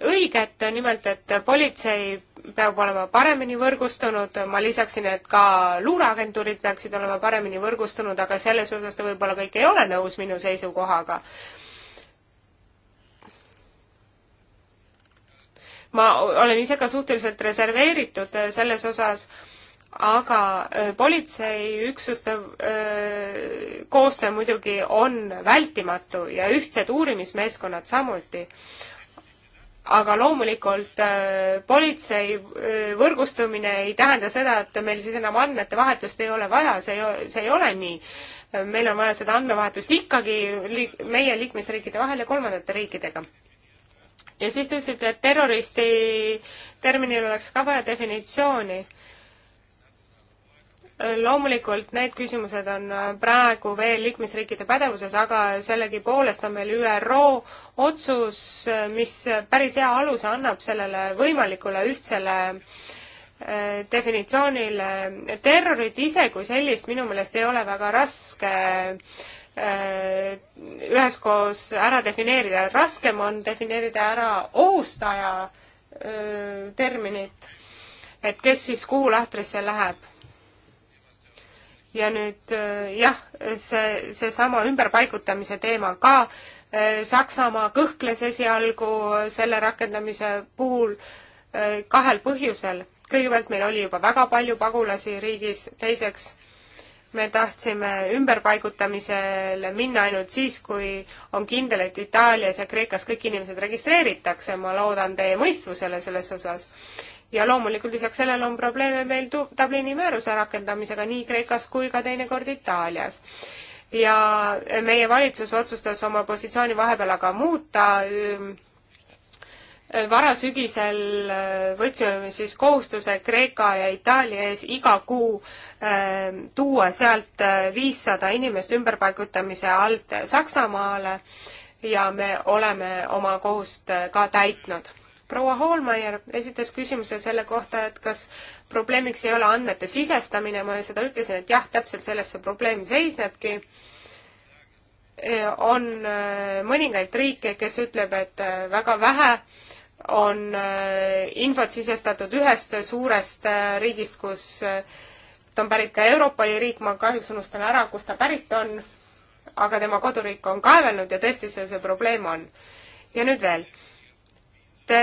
õiget, nimelt et politsei peab olema paremini võrgustunud, ma lisaksin, et ka luureagentuurid peaksid olema paremini võrgustunud, aga selles osas te võib-olla kõik ei ole nõus minu seisukohaga ma olen ise ka suhteliselt reserveeritud äh, selles osas, aga äh, politseiüksuste äh, koostöö muidugi on vältimatu ja ühtsed uurimismeeskonnad samuti. aga loomulikult politsei võrgustumine ei tähenda seda, et meil siis enam andmete vahetust ei ole vaja, see ei, see ei ole nii. meil on vaja seda andmevahetust ikkagi liik meie liikmesriikide vahel ja kolmandate riikidega ja siis te ütlesite, et terroristi terminil oleks ka vaja definitsiooni. loomulikult need küsimused on praegu veel liikmesriikide pädevuses, aga sellegipoolest on meil ÜRO otsus, mis päris hea aluse annab sellele võimalikule ühtsele äh, definitsioonile. terrorit ise kui sellist minu meelest ei ole väga raske Äh, üheskoos ära defineerida. raskem on defineerida ära ohustaja äh, terminit, et kes siis kuhu lahtrisse läheb. ja nüüd äh, jah, see, seesama ümberpaigutamise teema ka. Saksamaa kõhkles esialgu selle rakendamise puhul kahel põhjusel. kõigepealt meil oli juba väga palju pagulasi riigis, teiseks me tahtsime ümberpaigutamisele minna ainult siis, kui on kindel, et Itaalias ja Kreekas kõik inimesed registreeritakse, ma loodan teie mõistvusele selles osas. ja loomulikult lisaks sellele on probleeme meil Dublini määruse rakendamisega nii Kreekas kui ka teinekord Itaalias ja meie valitsus otsustas oma positsiooni vahepeal aga muuta varasügisel äh, võtsime siis kohustuse Kreeka ja Itaalia ees iga kuu äh, tuua sealt äh, viissada inimest ümberpaigutamise alt Saksamaale ja me oleme oma kohust ka täitnud proua Hoolmeier esitas küsimuse selle kohta, et kas probleemiks ei ole andmete sisestamine, ma seda ütlesin, et jah, täpselt selles see probleem seisnebki. on mõningaid riike, kes ütleb, et väga vähe on äh, infot sisestatud ühest suurest äh, riigist, kus äh, ta on pärit ka Euroopa Liidu riik, ma kahjuks unustan ära, kust ta pärit on, aga tema koduriik on kaevelnud ja tõesti see, see probleem on. ja nüüd veel. Te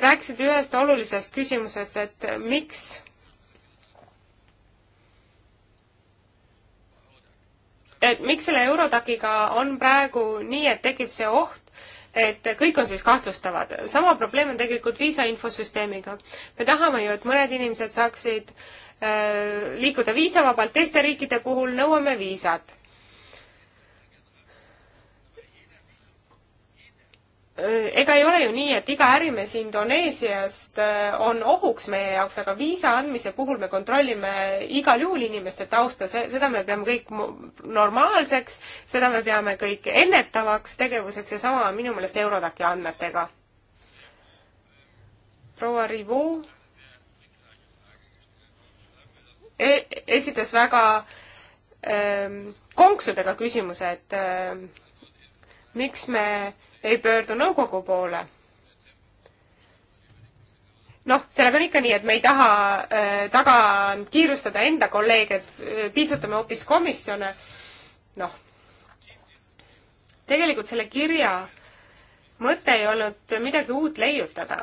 rääkisite ühest olulisest küsimusest, et miks et miks selle Eurodaciga on praegu nii, et tekib see oht, et kõik on siis kahtlustavad. sama probleem on tegelikult viisa infosüsteemiga. me tahame ju, et mõned inimesed saaksid äh, liikuda viisavabalt, teiste riikide puhul nõuame viisat Äh, ega ei ole ju nii, et iga ärimees Indoneesiast äh, on ohuks meie jaoks, aga viisa andmise puhul me kontrollime igal juhul inimeste tausta, see, seda me peame kõik normaalseks, seda me peame kõik ennetavaks tegevuseks ja sama on minu meelest Eurodaki andmetega. proua Rivo e esitas väga ähm, konksudega küsimuse, et ähm, miks me äh, ei pöördu nõukogu poole. noh, sellega on ikka nii, et me ei taha äh, taga kiirustada enda kolleege, äh, piitsutame hoopis komisjone, noh. tegelikult selle kirja mõte ei olnud midagi uut leiutada,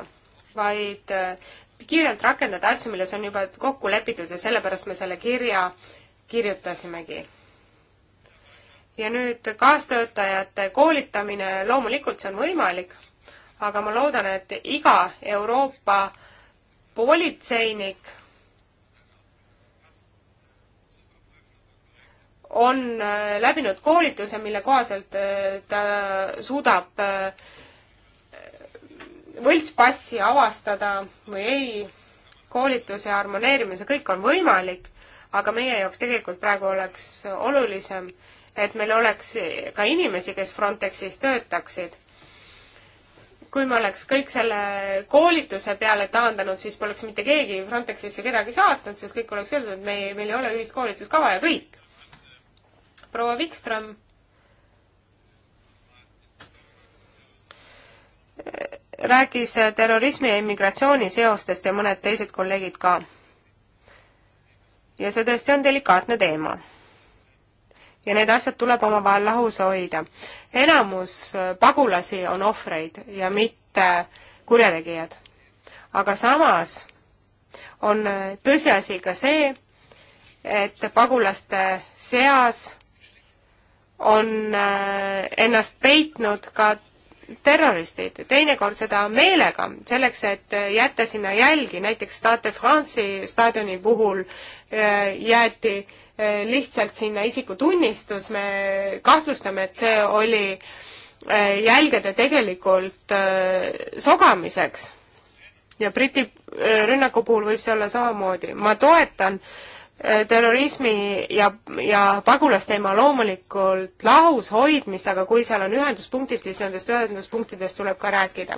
vaid äh, kiirelt rakendada asju, milles on juba kokku lepitud ja sellepärast me selle kirja kirjutasimegi ja nüüd kaastöötajate koolitamine, loomulikult see on võimalik, aga ma loodan, et iga Euroopa politseinik on äh, läbinud koolituse, mille kohaselt äh, ta suudab äh, võltspassi avastada või ei, koolituse harmoneerimise, kõik on võimalik, aga meie jaoks tegelikult praegu oleks olulisem, et meil oleks ka inimesi, kes Frontexis töötaksid. kui me oleks kõik selle koolituse peale taandanud, siis poleks mitte keegi Frontexisse kedagi saatnud, sest kõik oleks öeldud, et me, meil ei ole ühist koolituskava ja kõik. proua Vikström rääkis terrorismi ja immigratsiooni seostest ja mõned teised kolleegid ka. ja see tõesti on delikaatne teema ja need asjad tuleb omavahel lahus hoida. enamus äh, pagulasi on ohvreid ja mitte kurjategijad. aga samas on äh, tõsiasi ka see, et pagulaste seas on äh, ennast peitnud ka terroristid, teinekord seda meelega, selleks et jätta sinna jälgi, näiteks Stade France'i staadioni puhul jäeti Äh, lihtsalt sinna isikutunnistus, me kahtlustame, et see oli äh, jälgede tegelikult äh, sogamiseks. ja Briti rünnaku puhul võib see olla samamoodi. ma toetan äh, Äh, terrorismi ja, ja pagulasteema loomulikult lahus hoidmist, aga kui seal on ühenduspunktid, siis nendest ühenduspunktidest tuleb ka rääkida.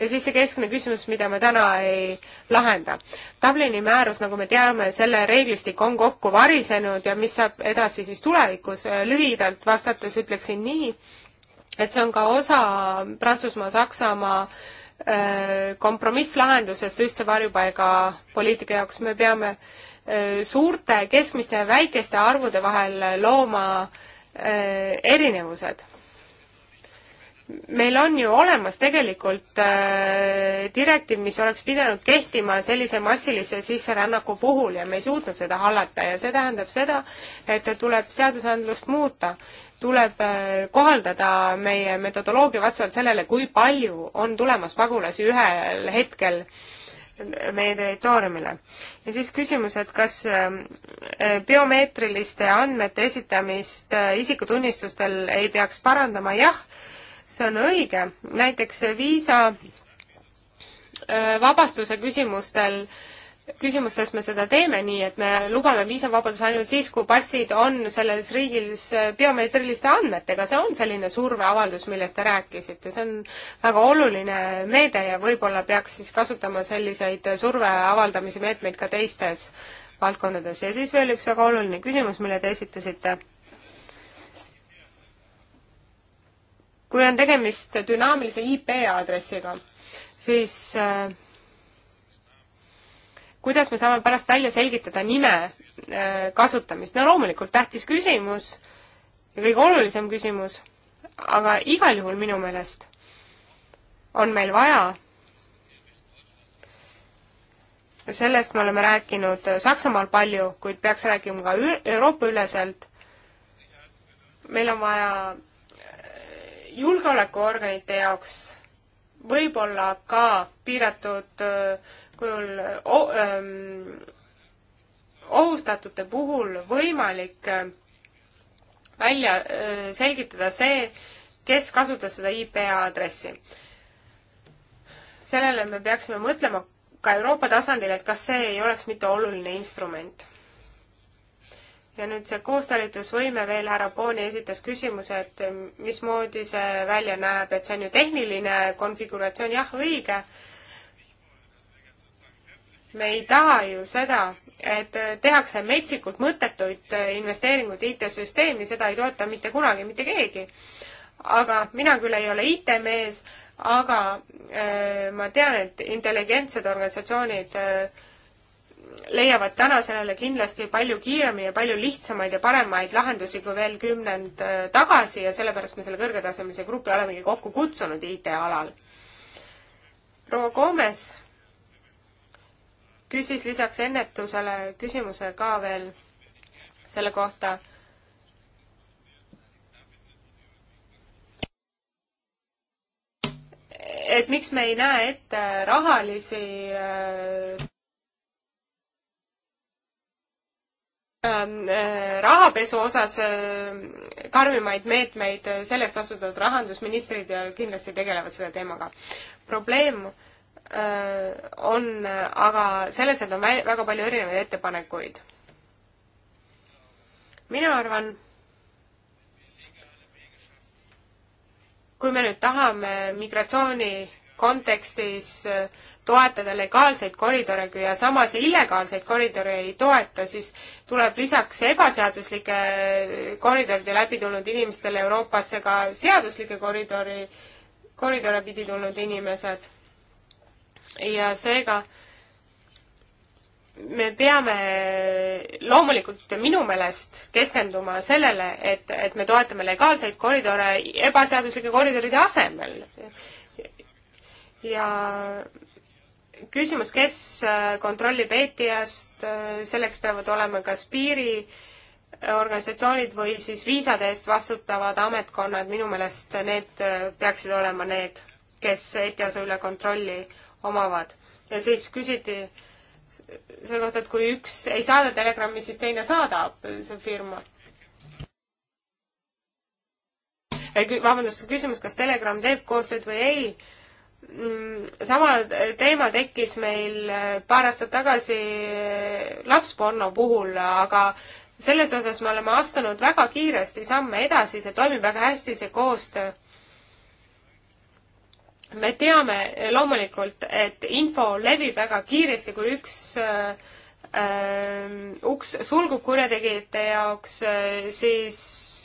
ja siis see keskne küsimus, mida me täna ei lahenda. Dublini määrus, nagu me teame, selle reeglistik on kokku varisenud ja mis saab edasi siis tulevikus, äh, lühidalt vastates ütleksin nii, et see on ka osa Prantsusmaa, Saksamaa äh, kompromisslahendusest ühtse varjupaiga poliitika jaoks, me peame äh, Äh, suurte, keskmiste ja väikeste arvude vahel looma äh, erinevused. meil on ju olemas tegelikult äh, direktiiv, mis oleks pidanud kehtima sellise massilise sisserännaku puhul ja me ei suutnud seda hallata ja see tähendab seda, et tuleb seadusandlust muuta tuleb kohaldada meie metodoloogia vastavalt sellele, kui palju on tulemas pagulasi ühel hetkel äh, meie territooriumile. ja siis küsimus, et kas ähm, äh, biomeetriliste andmete esitamist äh, isikutunnistustel ei peaks parandama, jah, see on õige, näiteks viisa äh, vabastuse küsimustel äh, küsimustes me seda teeme nii, et me lubame viisavabaduse ainult siis, kui passid on selles riigis biomeetriliste andmetega, see on selline surveavaldus, millest te rääkisite, see on väga oluline meede ja võib-olla peaks siis kasutama selliseid surve avaldamise meetmeid ka teistes valdkondades ja siis veel üks väga oluline küsimus, mille te esitasite. kui on tegemist dünaamilise IP aadressiga, siis äh, kuidas me saame pärast välja selgitada nime äh, kasutamist, no loomulikult tähtis küsimus ja kõige olulisem küsimus, aga igal juhul minu meelest on meil vaja sellest me oleme rääkinud Saksamaal palju, kuid peaks rääkima ka Euroopa-üleselt. meil on vaja äh, julgeolekuorganite jaoks võib-olla ka piiratud äh, kujul oh, ähm, ohustatute puhul võimalik äh, välja äh, selgitada see, kes kasutas seda IP aadressi. sellele me peaksime mõtlema ka Euroopa tasandil, et kas see ei oleks mitte oluline instrument ja nüüd see koostalitusvõime veel, härra Pooni esitas küsimuse, et äh, mismoodi see välja näeb, et see on ju tehniline konfiguratsioon, jah, õige, me ei taha ju seda, et äh, tehakse metsikult mõttetuid äh, investeeringuid IT-süsteemi, seda ei toeta mitte kunagi mitte keegi. aga mina küll ei ole IT-mees, aga öö, äh, ma tean, et intelligentsed organisatsioonid öö, leiavad täna sellele kindlasti palju kiiremini ja palju lihtsamaid ja paremaid lahendusi kui veel kümnend tagasi ja sellepärast me selle kõrgetasemelise grupi olemegi kokku kutsunud IT alal. proua Gomes küsis lisaks ennetusele küsimuse ka veel selle kohta, et miks me ei näe ette rahalisi äh, äh, rahapesu osas äh, karmimaid meetmeid, sellest vastutavad rahandusministrid ja kindlasti tegelevad selle teemaga. probleem on, aga selles on väga palju erinevaid ettepanekuid. mina arvan, kui me nüüd tahame migratsiooni kontekstis toetada legaalseid koridore ja samas illegaalseid koridore ei toeta, siis tuleb lisaks ebaseaduslike koridoride läbi tulnud inimestele Euroopasse ka seaduslike koridori, koridore pidi tulnud inimesed ja seega me peame loomulikult minu meelest keskenduma sellele, et, et me toetame legaalseid koridore ebaseaduslike koridoride asemel. ja küsimus, kes äh, kontrollib ETIAS-t, äh, selleks peavad olema kas piiriorganisatsioonid või siis viisade eest vastutavad ametkonnad, minu meelest need äh, peaksid olema need, kes ETIAS-e üle kontrolli omavad. ja siis küsiti selle kohta, et kui üks ei saada Telegrami, siis teine saadab, see firma. vabandust, küsimus, kas Telegram teeb koostööd või ei mm, sama teema tekkis meil äh, paar aastat tagasi äh, lapsporno puhul, aga selles osas me oleme astunud väga kiiresti samme edasi, see toimib väga hästi, see koostöö me teame eh, loomulikult, et info levib väga kiiresti, kui üks äh, ähm, uks sulgub kurjategijate jaoks, äh, siis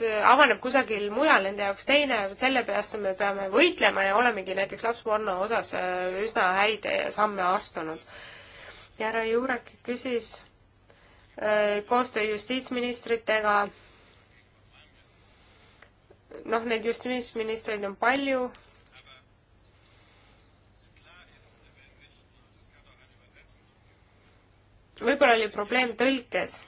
äh, avaneb kusagil mujal nende jaoks teine, selle peast me peame võitlema ja olemegi näiteks lapsporno osas äh, üsna häid samme astunud. ja härra Juurek küsis koostöö justiitsministritega, noh, neid justiitsministreid on palju võib-olla oli probleem tõlkes.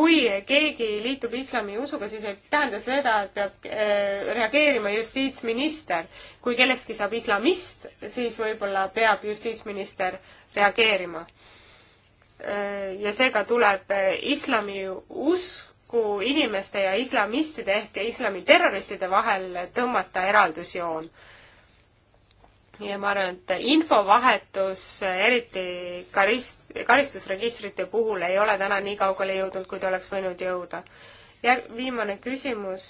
kui keegi liitub islami usuga, siis ei tähenda seda, et peab äh, reageerima justiitsminister. kui kellestki saab islamist, siis võib-olla peab justiitsminister reageerima äh, ja seega tuleb äh, islami usku inimeste ja islamistide ehk islamiterroristide vahel tõmmata eraldusjoon ja ma arvan, et infovahetus, eriti karist-, karistusregistrite puhul ei ole täna nii kaugele jõudnud, kui ta oleks võinud jõuda. järg-, viimane küsimus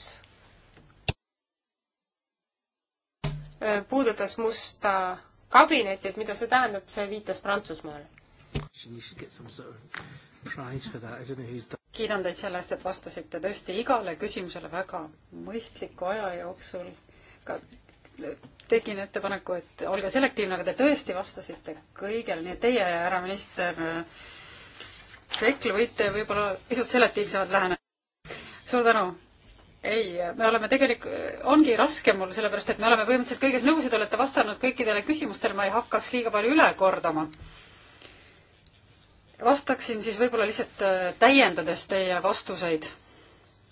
puudutas musta kabinetti, et mida see tähendab, see viitas Prantsusmaale. kiidan teid selle eest, et vastasite tõesti igale küsimusele väga mõistliku aja jooksul tegin ettepaneku, et olge selektiivne, aga te tõesti vastasite kõigele, nii et teie, härra minister Pekl, võite võib-olla pisut selektiivsemalt läheneda. suur tänu! ei, me oleme tegelikult, ongi raske mul, sellepärast et me oleme põhimõtteliselt kõiges nõus ja te olete vastanud kõikidele küsimustele, ma ei hakkaks liiga palju üle kordama. vastaksin siis võib-olla lihtsalt äh, täiendades teie vastuseid,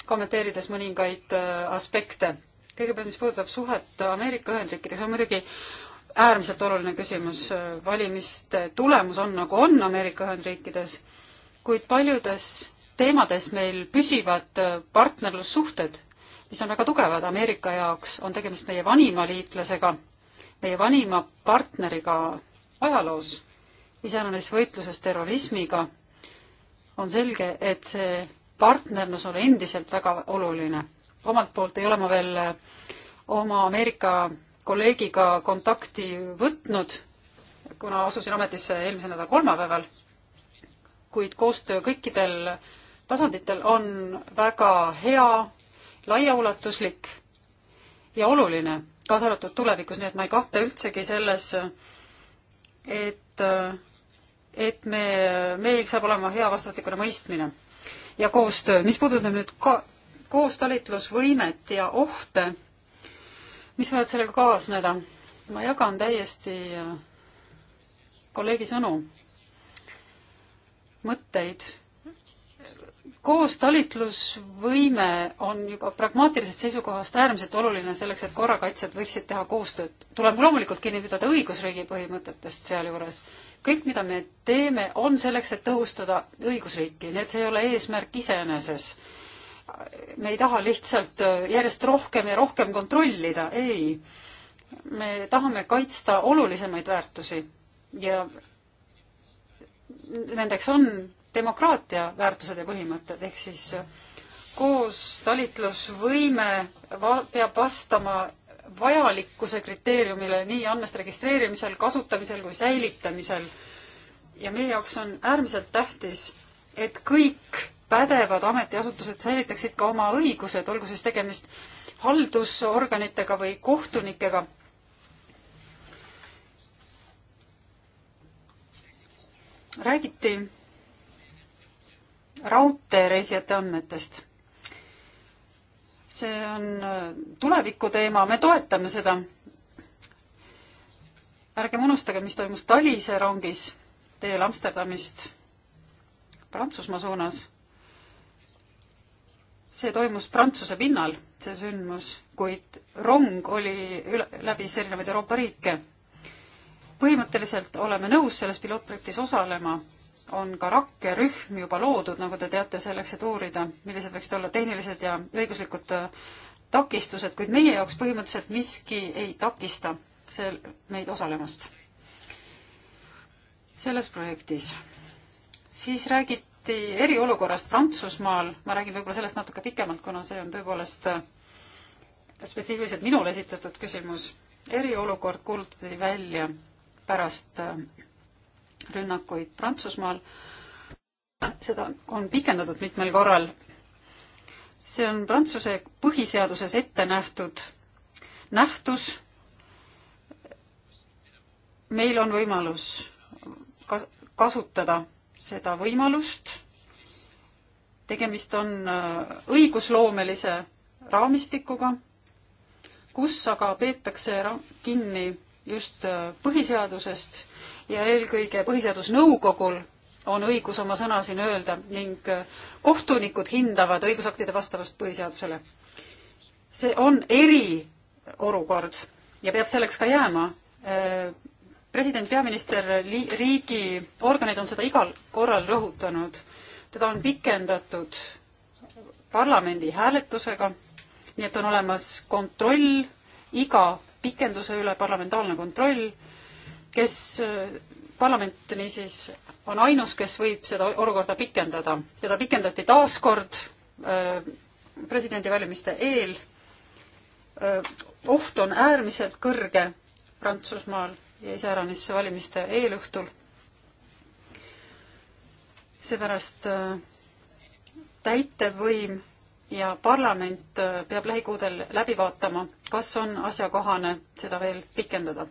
kommenteerides mõningaid äh, aspekte kõigepealt, mis puudutab suhet Ameerika Ühendriikidega, see on muidugi äärmiselt oluline küsimus, valimiste tulemus on nagu on Ameerika Ühendriikides, kuid paljudes teemades meil püsivad partnerlussuhted, mis on väga tugevad Ameerika jaoks, on tegemist meie vanima liitlasega, meie vanima partneriga ajaloos, iseäranis võitluses terrorismiga, on selge, et see partnerlus on endiselt väga oluline omalt poolt ei ole ma veel äh, oma Ameerika kolleegiga kontakti võtnud, kuna asusin ametisse eelmise nädala kolmapäeval, kuid koostöö kõikidel tasanditel on väga hea, laiaulatuslik ja oluline, kaasa arvatud tulevikus, nii et ma ei kahtle üldsegi selles, et, et me, meil saab olema hea vastastikune mõistmine ja koostöö. mis puudutab nüüd ka koostalitlusvõimet ja ohte, mis võivad sellega kaasneda. ma jagan täiesti äh, kolleegi sõnu, mõtteid. koostalitlusvõime on juba pragmaatilisest seisukohast äärmiselt oluline selleks, et korrakaitsjad võiksid teha koostööd. tuleb loomulikult kinni pidada õigusriigi põhimõtetest sealjuures. kõik, mida me teeme, on selleks, et tõhustada õigusriiki, nii et see ei ole eesmärk iseeneses me ei taha lihtsalt äh, järjest rohkem ja rohkem kontrollida, ei. me tahame kaitsta olulisemaid väärtusi ja nendeks on demokraatia väärtused ja põhimõtted, ehk siis äh, koos talitlusvõime va peab vastama vajalikkuse kriteeriumile nii andmeste registreerimisel, kasutamisel kui säilitamisel. ja meie jaoks on äärmiselt tähtis, et kõik pädevad ametiasutused säilitaksid ka oma õigused, olgu siis tegemist haldusorganitega või kohtunikega. räägiti raudteereisijate andmetest. see on äh, tuleviku teema, me toetame seda. ärgem unustage, mis toimus Talise rongis teel Amsterdamist Prantsusmaa suunas see toimus Prantsuse pinnal, see sündmus, kuid rong oli üle, läbis erinevaid Euroopa riike. põhimõtteliselt oleme nõus selles pilootprojektis osalema, on ka rakkerühm juba loodud, nagu te teate, selleks, et uurida, millised võiksid olla tehnilised ja õiguslikud äh, takistused, kuid meie jaoks põhimõtteliselt miski ei takista sel-, meid osalemast selles projektis. siis räägid tõesti eriolukorrast Prantsusmaal, ma räägin võib-olla sellest natuke pikemalt, kuna see on tõepoolest äh, spetsiifiliselt minule esitatud küsimus. eriolukord kuulutati välja pärast äh, rünnakuid Prantsusmaal. seda on pikendatud mitmel korral. see on Prantsuse põhiseaduses ette nähtud nähtus. meil on võimalus kasutada seda võimalust. tegemist on äh, õigusloomelise raamistikuga, kus aga peetakse kinni just äh, põhiseadusest ja eelkõige Põhiseadusnõukogul on õigus oma sõna siin öelda ning äh, kohtunikud hindavad õigusaktide vastavust põhiseadusele. see on eriolukord ja peab selleks ka jääma president, peaminister, riigi organid on seda igal korral rõhutanud. teda on pikendatud parlamendi hääletusega, nii et on olemas kontroll iga pikenduse üle, parlamentaarne kontroll, kes, parlament niisiis on ainus, kes võib seda olukorda pikendada. teda pikendati taas kord äh, presidendivalimiste eel. Äh, oht on äärmiselt kõrge Prantsusmaal iseäranis valimiste eelõhtul. seepärast äh, täitevvõim ja parlament äh, peab lähikuudel läbi vaatama, kas on asjakohane seda veel pikendada.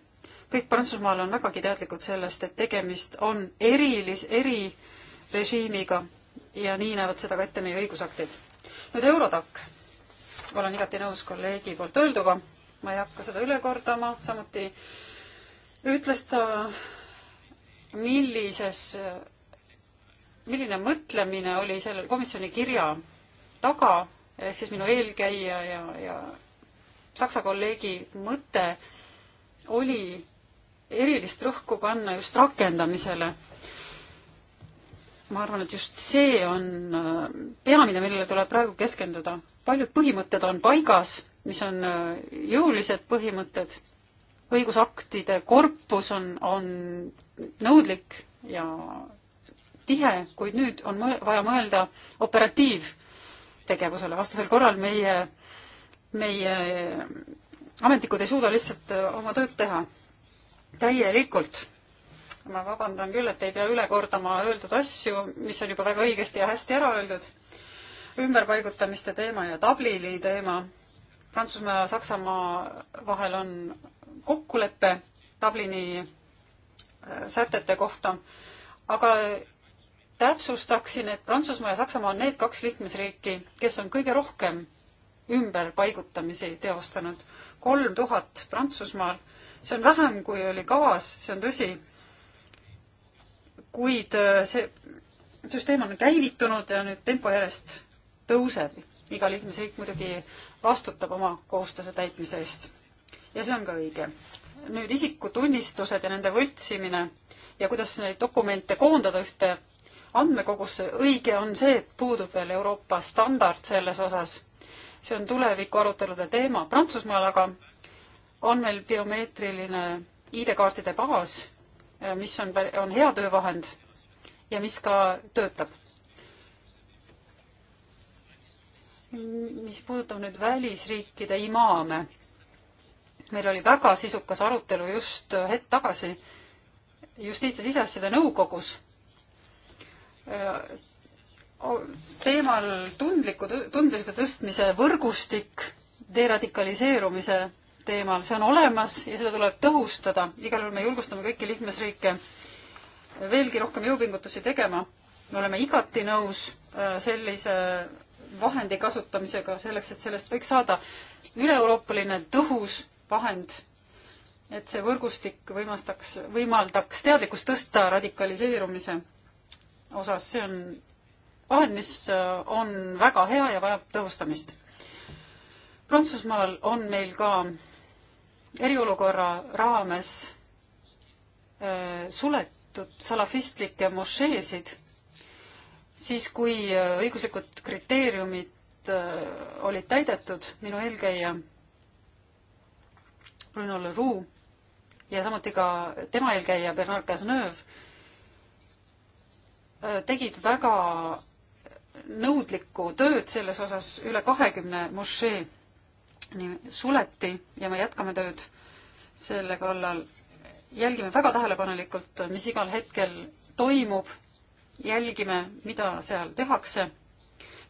kõik Prantsusmaal on vägagi teadlikud sellest, et tegemist on erilis, erirežiimiga ja nii näevad seda ka ette meie õigusaktid. nüüd Eurotac. olen igati nõus kolleegi poolt öelduga, ma ei hakka seda üle kordama, samuti äh, ütles ta, millises, milline mõtlemine oli selle komisjoni kirja taga, ehk siis minu eelkäija ja, ja saksa kolleegi mõte oli erilist rõhku panna just rakendamisele. ma arvan, et just see on äh, peamine, millele tuleb praegu keskenduda. paljud põhimõtted on paigas, mis on äh, jõulised põhimõtted õigusaktide korpus on, on nõudlik ja tihe, kuid nüüd on mõ vaja mõelda operatiivtegevusele, vastasel korral meie, meie ametnikud ei suuda lihtsalt äh, oma tööd teha täielikult. ma vabandan küll, et ei pea üle kordama öeldud asju, mis on juba väga õigesti ja hästi ära öeldud, ümberpaigutamiste teema ja tablili teema Prantsusmaa ja Saksamaa vahel on kokkulepe Dublini äh, sätete kohta, aga täpsustaksin, et Prantsusmaa ja Saksamaa on need kaks liikmesriiki, kes on kõige rohkem ümberpaigutamisi teostanud. kolm tuhat Prantsusmaal, see on vähem, kui oli kavas, see on tõsi, kuid äh, see süsteem on käivitunud ja nüüd tempo järjest tõuseb. iga liikmesriik muidugi vastutab oma kohustuse täitmise eest. ja see on ka õige. nüüd isikutunnistused ja nende võltsimine ja kuidas neid dokumente koondada ühte andmekogusse, õige on see, et puudub veel Euroopa standard selles osas. see on tuleviku arutelude teema. Prantsusmaal aga on meil biomeetriline ID-kaartide baas, mis on, on hea töövahend ja mis ka töötab mis puudutab nüüd välisriikide imaame. meil oli väga sisukas arutelu just hetk tagasi justiits- ja siseasjade nõukogus teemal tundliku, tundliku tõstmise võrgustik deradikaliseerumise teemal, see on olemas ja seda tuleb tõhustada, igal juhul me julgustame kõiki liikmesriike veelgi rohkem jõupingutusi tegema. me oleme igati nõus sellise vahendi kasutamisega selleks, et sellest võiks saada üle-euroopaline tõhus vahend, et see võrgustik võimastaks, võimaldaks teadlikkust tõsta radikaliseerumise osas, see on vahend, mis äh, on väga hea ja vajab tõhustamist. Prantsusmaal on meil ka eriolukorra raames äh, suletud salafistlikke mošeesid siis, kui äh, õiguslikud kriteeriumid äh, olid täidetud, minu eelkäija Bruno Leroux ja samuti ka tema eelkäija Bernard Cazeneuve äh, tegid väga nõudlikku tööd selles osas, üle kahekümne mošee suleti ja me jätkame tööd selle kallal. jälgime väga tähelepanelikult, mis igal hetkel toimub jälgime, mida seal tehakse,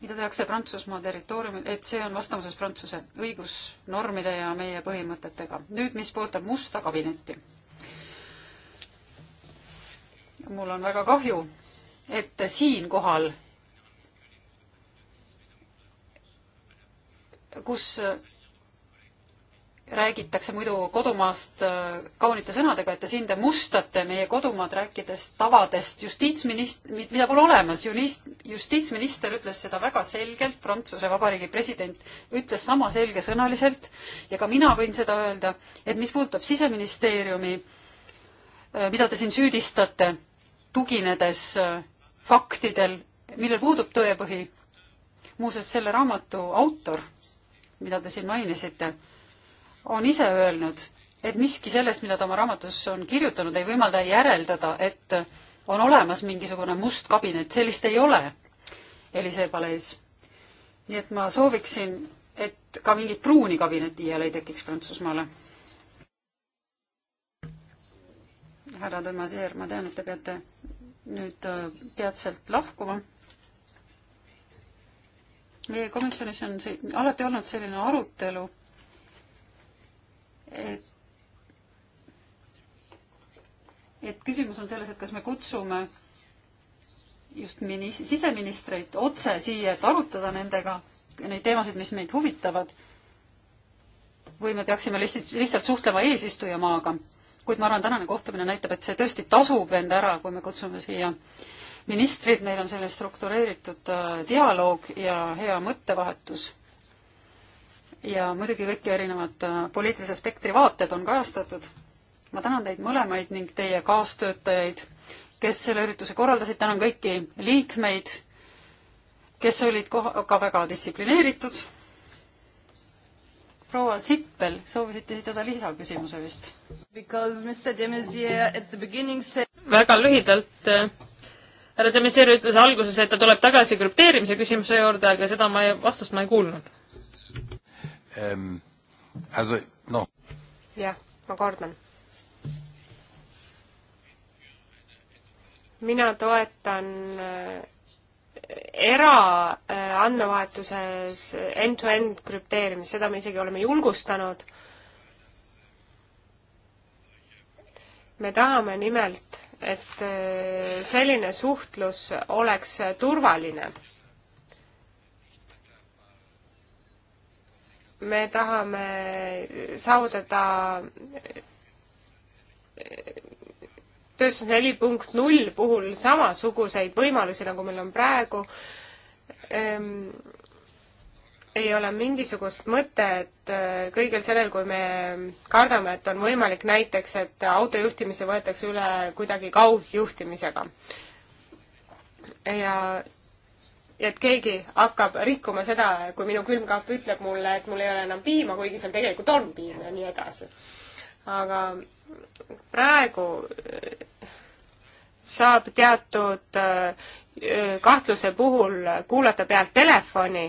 mida tehakse Prantsusmaa territooriumil, et see on vastavuses Prantsuse õigusnormide ja meie põhimõtetega. nüüd, mis puudutab musta kabinetti. mul on väga kahju, et siinkohal kus räägitakse muidu kodumaast äh, kaunite sõnadega, et te siin te mustate meie kodumaad, rääkides tavadest justiitsminist-, mida pole olemas, jurist, justiitsminister ütles seda väga selgelt, Prantsuse Vabariigi president ütles sama selgesõnaliselt ja ka mina võin seda öelda, et mis puudutab Siseministeeriumi, äh, mida te siin süüdistate, tuginedes äh, faktidel, millel puudub tõepõhi, muuseas selle raamatu autor, mida te siin mainisite on ise öelnud, et miski sellest, mida ta oma raamatus on kirjutanud, ei võimalda järeldada, et on olemas mingisugune must kabinet, sellist ei ole Elisee palees. nii et ma sooviksin, et ka mingit pruuni kabinetti iial ei tekiks Prantsusmaale. härra Tõmmasier, ma tean, et te peate nüüd äh, peatselt lahkuma meie komisjonis on see, alati olnud selline arutelu et et küsimus on selles, et kas me kutsume just minis-, siseministreid otse siia, et arutada nendega neid teemasid, mis meid huvitavad, või me peaksime lihtsalt, lihtsalt suhtlema eesistujamaaga. kuid ma arvan, tänane kohtumine näitab, et see tõesti tasub end ära, kui me kutsume siia ministrid, meil on selline struktureeritud äh, dialoog ja hea mõttevahetus ja muidugi kõik erinevad äh, poliitilise spektri vaated on kajastatud. ma tänan teid mõlemaid ning teie kaastöötajaid, kes selle ürituse korraldasid, tänan kõiki liikmeid, kes olid ka väga distsiplineeritud. proua Sippel, soovisite esitada lisaküsimuse vist? Said... väga lühidalt äh, härra Demiseer ütles alguses, et ta tuleb tagasi krüpteerimise küsimuse juurde, aga seda ma ei, vastust ma ei kuulnud ähm, also noh. jah, ma kordan. mina toetan äh, eraandmevahetuses äh, end-to-end krüpteerimist, seda me isegi oleme julgustanud. me tahame nimelt, et äh, selline suhtlus oleks turvaline me tahame saavutada tööstus neli punkt null puhul samasuguseid võimalusi, nagu meil on praegu ähm,, ei ole mingisugust mõtet eh, kõigil sellel, kui me kardame, et on võimalik näiteks, et autojuhtimise võetakse üle kuidagi kaugjuhtimisega. ja et keegi hakkab rikkuma seda, kui minu külmkapp ütleb mulle, et mul ei ole enam piima, kuigi seal tegelikult on piim ja nii edasi. aga praegu äh, saab teatud äh, kahtluse puhul kuulata pealt telefoni,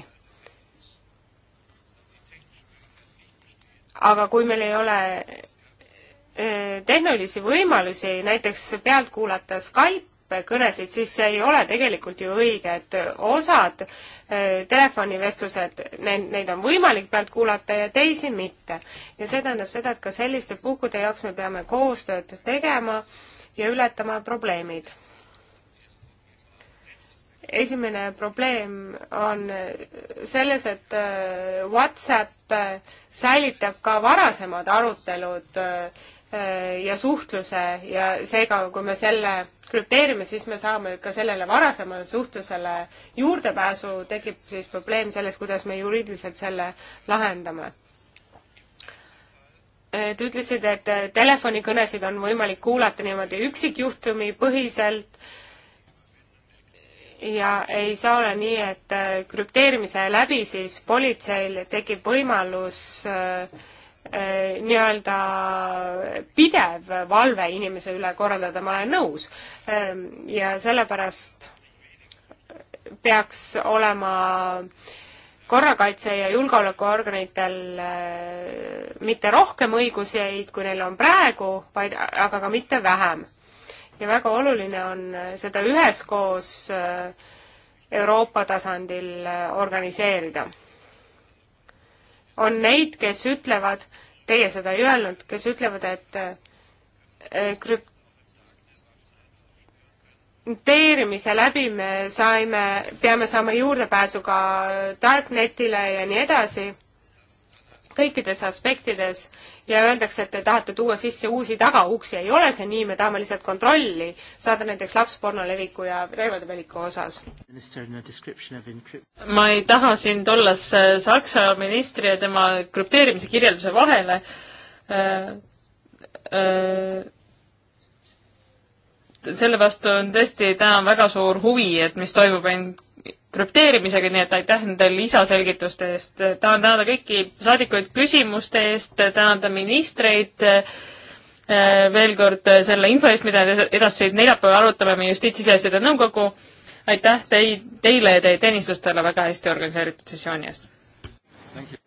aga kui meil ei ole äh, tehnilisi võimalusi näiteks pealt kuulata Skype'i, kõnesid, siis see ei ole tegelikult ju õige, et osad eh, telefonivestlused, neid, neid on võimalik pealt kuulata ja teisi mitte. ja see tähendab seda, et ka selliste puhkude jaoks me peame koostööd tegema ja ületama probleemid. esimene probleem on selles, et eh, WhatsApp eh, säilitab ka varasemad arutelud äh, Äh, ja suhtluse ja seega, kui me selle krüpteerime, siis me saame ka sellele varasemale suhtlusele juurdepääsu, tekib siis probleem selles, kuidas me juriidiliselt selle lahendame. Äh, te ütlesite, et äh, telefonikõnesid on võimalik kuulata niimoodi üksikjuhtumi põhiselt ja ei saa olla nii, et krüpteerimise läbi siis politseil tekib võimalus äh, Äh, nii-öelda pidev valve inimese üle korraldada, ma olen nõus. Ähm, ja sellepärast peaks olema korrakaitse- ja julgeolekuorganitel äh, mitte rohkem õiguseid, kui neil on praegu, vaid, aga ka mitte vähem. ja väga oluline on seda üheskoos äh, Euroopa tasandil organiseerida on neid, kes ütlevad, teie seda ei öelnud, kes ütlevad, et eh, krüpteerimise läbi me saime, peame saama juurdepääsu ka Darknetile ja nii edasi kõikides aspektides ja öeldakse, et te tahate tuua sisse uusi tagauksi, ei ole see nii, me tahame lihtsalt kontrolli saada näiteks lapsporno leviku ja relvade leviku osas. ma ei taha siin tulla Saksa ministri ja tema krüpteerimise kirjelduse vahele äh,. Äh, selle vastu on tõesti täna väga suur huvi, et mis toimub end krüpteerimisega, nii et aitäh nende lisaselgituste eest. tahan tänada kõiki saadikuid küsimuste eest, tänada ministreid äh, veel kord selle info eest, mida te edastasid. neljapäeval arutame me Justiits-Siseasjade Nõukogu. aitäh tei-, teile ja teie teenistustele väga hästi organiseeritud sessiooni eest!